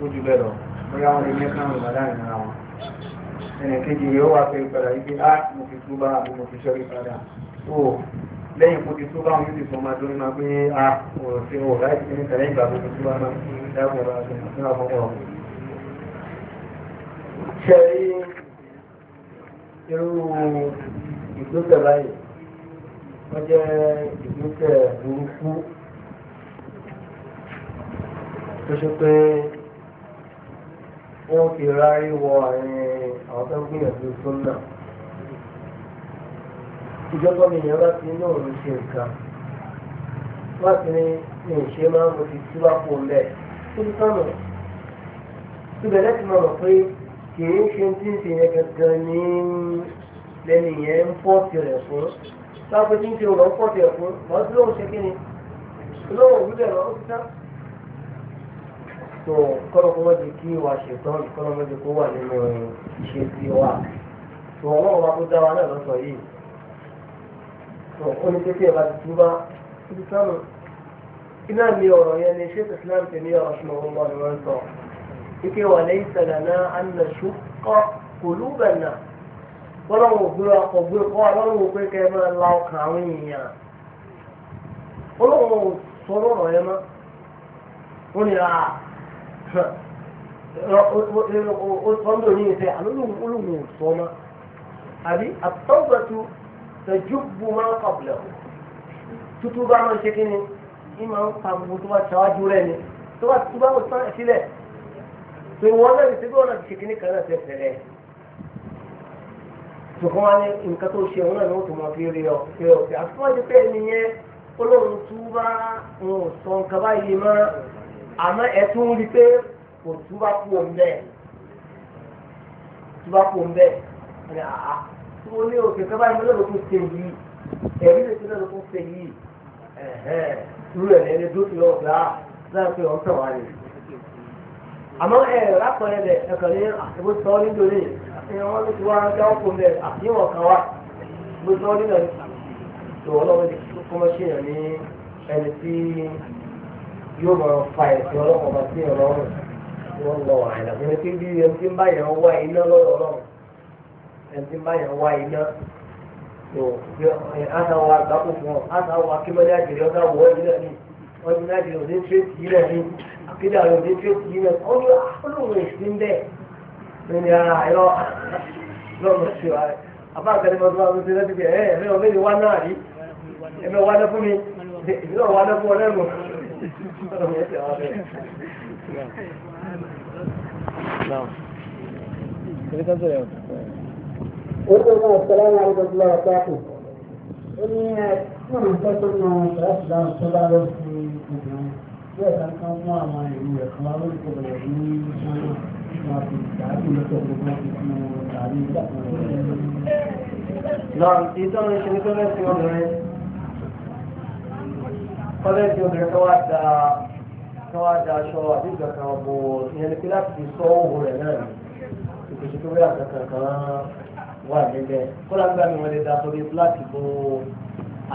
A: ó jù bẹ́ẹ̀ lọ bóyá wọn lè mẹ́kàn lọ láàrin ara wọn ẹnìkejì rẹ̀ ó wà pé padà ah, wípé á mo fi túbà àbí mo fi ṣọ́rí padà ó lẹ́yìn kó ti tó bá wọn yóò ti fún ọmọdé
B: ní máa pé a ò ṣe ò láì ní tẹ̀lé ìgbà tó ti bá máa ń dáàbò bá ọ̀rọ̀ ṣe rí irú ìgbésẹ̀ báyìí wọ́n jẹ́ ìgbésẹ̀ burúkú tó ṣe pé wọ́n ti rárí wọ àárín àwọn tó ń gbìyànjú tó náà ìjọba mi yẹn bá ti ní òun ṣe nǹkan wọ́n ti ní ní ìṣe máa ń mo ti tú wá pò tó ti sọ̀rọ̀ síbẹ̀ lẹ́sìn pé kìí ṣe tí ń ṣe yẹn gangan ní lẹ́nu yẹn ń pọ̀ tirẹ̀ fún láàpẹ́ tí ń ṣe òun ń pọ̀ tirẹ̀ fún wọ́n ti lóun ṣe kí ni lóun òwú dẹ̀ lọ́wọ́ ti tán. tó kọ́nà kó wọ́n di kí wàá ṣe tán kọ́nà wọ́n di kó wà nínú ìṣe ti wa tó wọ́n wá kó dá wa náà lọ́sọ̀ yìí tó ó ní pé kí ẹ bá ti sánú iná mi ọ̀rọ̀ yẹn ni ṣé tẹ̀sílámù tẹ̀mí ọ̀rọ̀ ní wọ́n ike wà lẹ́yìn sẹ̀lẹ̀ náà á nà ṣùkọ́ kò lúbẹ̀ náà bọ́lọ́wọ́ ògbúra ọ̀gbẹ́ kọ́ ọlọ́run òpé kẹ́ ẹ máa la ọkàn àwọn èèyàn ọlọ́run sọ̀rọ̀ ọ̀rọ̀ yẹn mọ́ ó ní ra ah, ó ní ìfẹ́ àlọ́lùmí ò sọ mọ́ àbí àtọ́gbẹ̀tù tẹ̀júbù máa kọ̀bìlẹ̀ tútù bá máa ṣe kí ni ìmọ̀ ń pa gbogbo tó bá ṣáájú rẹ̀ ni tó bá túbọ̀ ó sán sílẹ̀ pé wọ́n náà ti bí wọ́n náà ti ṣe kíní kan náà fẹ́fẹ́ rẹ̀ ṣùgbọ́n wá ní nǹkan tó ṣe òun náà ni wọ́n tó mọ fi rí ọ pé ọ̀sẹ̀ àfọwọ́dé pé ẹni yẹn olóhùn túbá wọn ò sọ nǹkan báyìí mọ́ àmọ́ ẹ tún rí pé kò túbá kú òun bẹ́ẹ̀ túbá kú òun bẹ́ẹ̀ ẹni àá tí mo ní òkè kan báyìí lọ́dọ̀ tó ṣe yìí ẹ̀rí lè ṣe lọ́dọ̀ tó ṣe yìí ẹ̀hẹ́n rú ẹ̀ lẹ́ni dókè ọ̀gá láti ọ̀tọ̀ àmọ́ ẹ lápẹ̀rẹ̀ rẹ̀ ẹ̀kàn ní àtìmọ́ ah, sọ nítorí àfihàn wọn ló ti wá ń dáwọ́ fún bẹ́ẹ̀ àfihàn kan wá gbé sọ nínú ẹ̀ tó ọlọ́run ti kó mọ́ sí yàn ní ẹni tí yóò máa fa ẹ̀sìn ọlọ́run ọba sí yàn lọ́rùn wọ́n lọ àìlà fún mi pé bí ẹni tí ń bá yàn wá iná lọ́dọ̀ ọlọ́run ẹni tí ń bá yàn wá iná tó àtà wa àgbákò fún ọ àtà wa kí mọ́lẹ́ àjèrè ọ̀dà wọ́ ọ̀dún náà ní ọ̀dún náà kéde àwọn òde tí ó ti yín náà ó ní olóhùn èsì ń bẹ ní ara ẹ̀rọ lọ́mọ sí wa rẹ̀ àbá àgbẹ̀rẹ̀ mọ́tò wa ló ti rẹ́ bíbẹ̀ ẹ̀ ẹ̀rẹ́ ọ̀bẹ ni wá náà rí ẹ̀mẹ́ wá náà fún mi ìdílé wá náà fún ọ lẹ́nu. Orúkọ
A: náà sọlá ń wáyé gbogbo ọ̀rọ̀ pàtó. Ó ní ẹ̀ fún àwọn ìfẹ́ tó ń lọ sọ̀rọ̀ sọ̀rọ̀ tó bá lọ sí ìgbìmọ̀. bẹ́ẹ̀ ká ká mú àwọn ìlú rẹ̀ kan wá lórí kò bẹ̀rẹ̀ ní ṣáná máa fi dàájú lọ́tọ̀ gbogbo máa fi fún un tàbí ìgbà kan rẹ̀.
B: náà ìtọ́nà ìṣe ní tọ́lẹ̀ sí obìnrin tọ́lẹ̀ sí obìnrin kan wá da wà níbẹ̀ kó lágbàá mi lè da torí pláàtì bo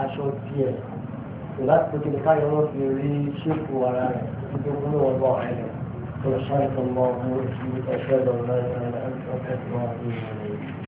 B: aṣọ tiẹ̀ láti
A: pé kíni káyọ̀ wọn fi rí ṣéèkù ara rẹ̀ tó kún ní wọn bọ̀ àìlẹ̀ tó ṣáà ìtàn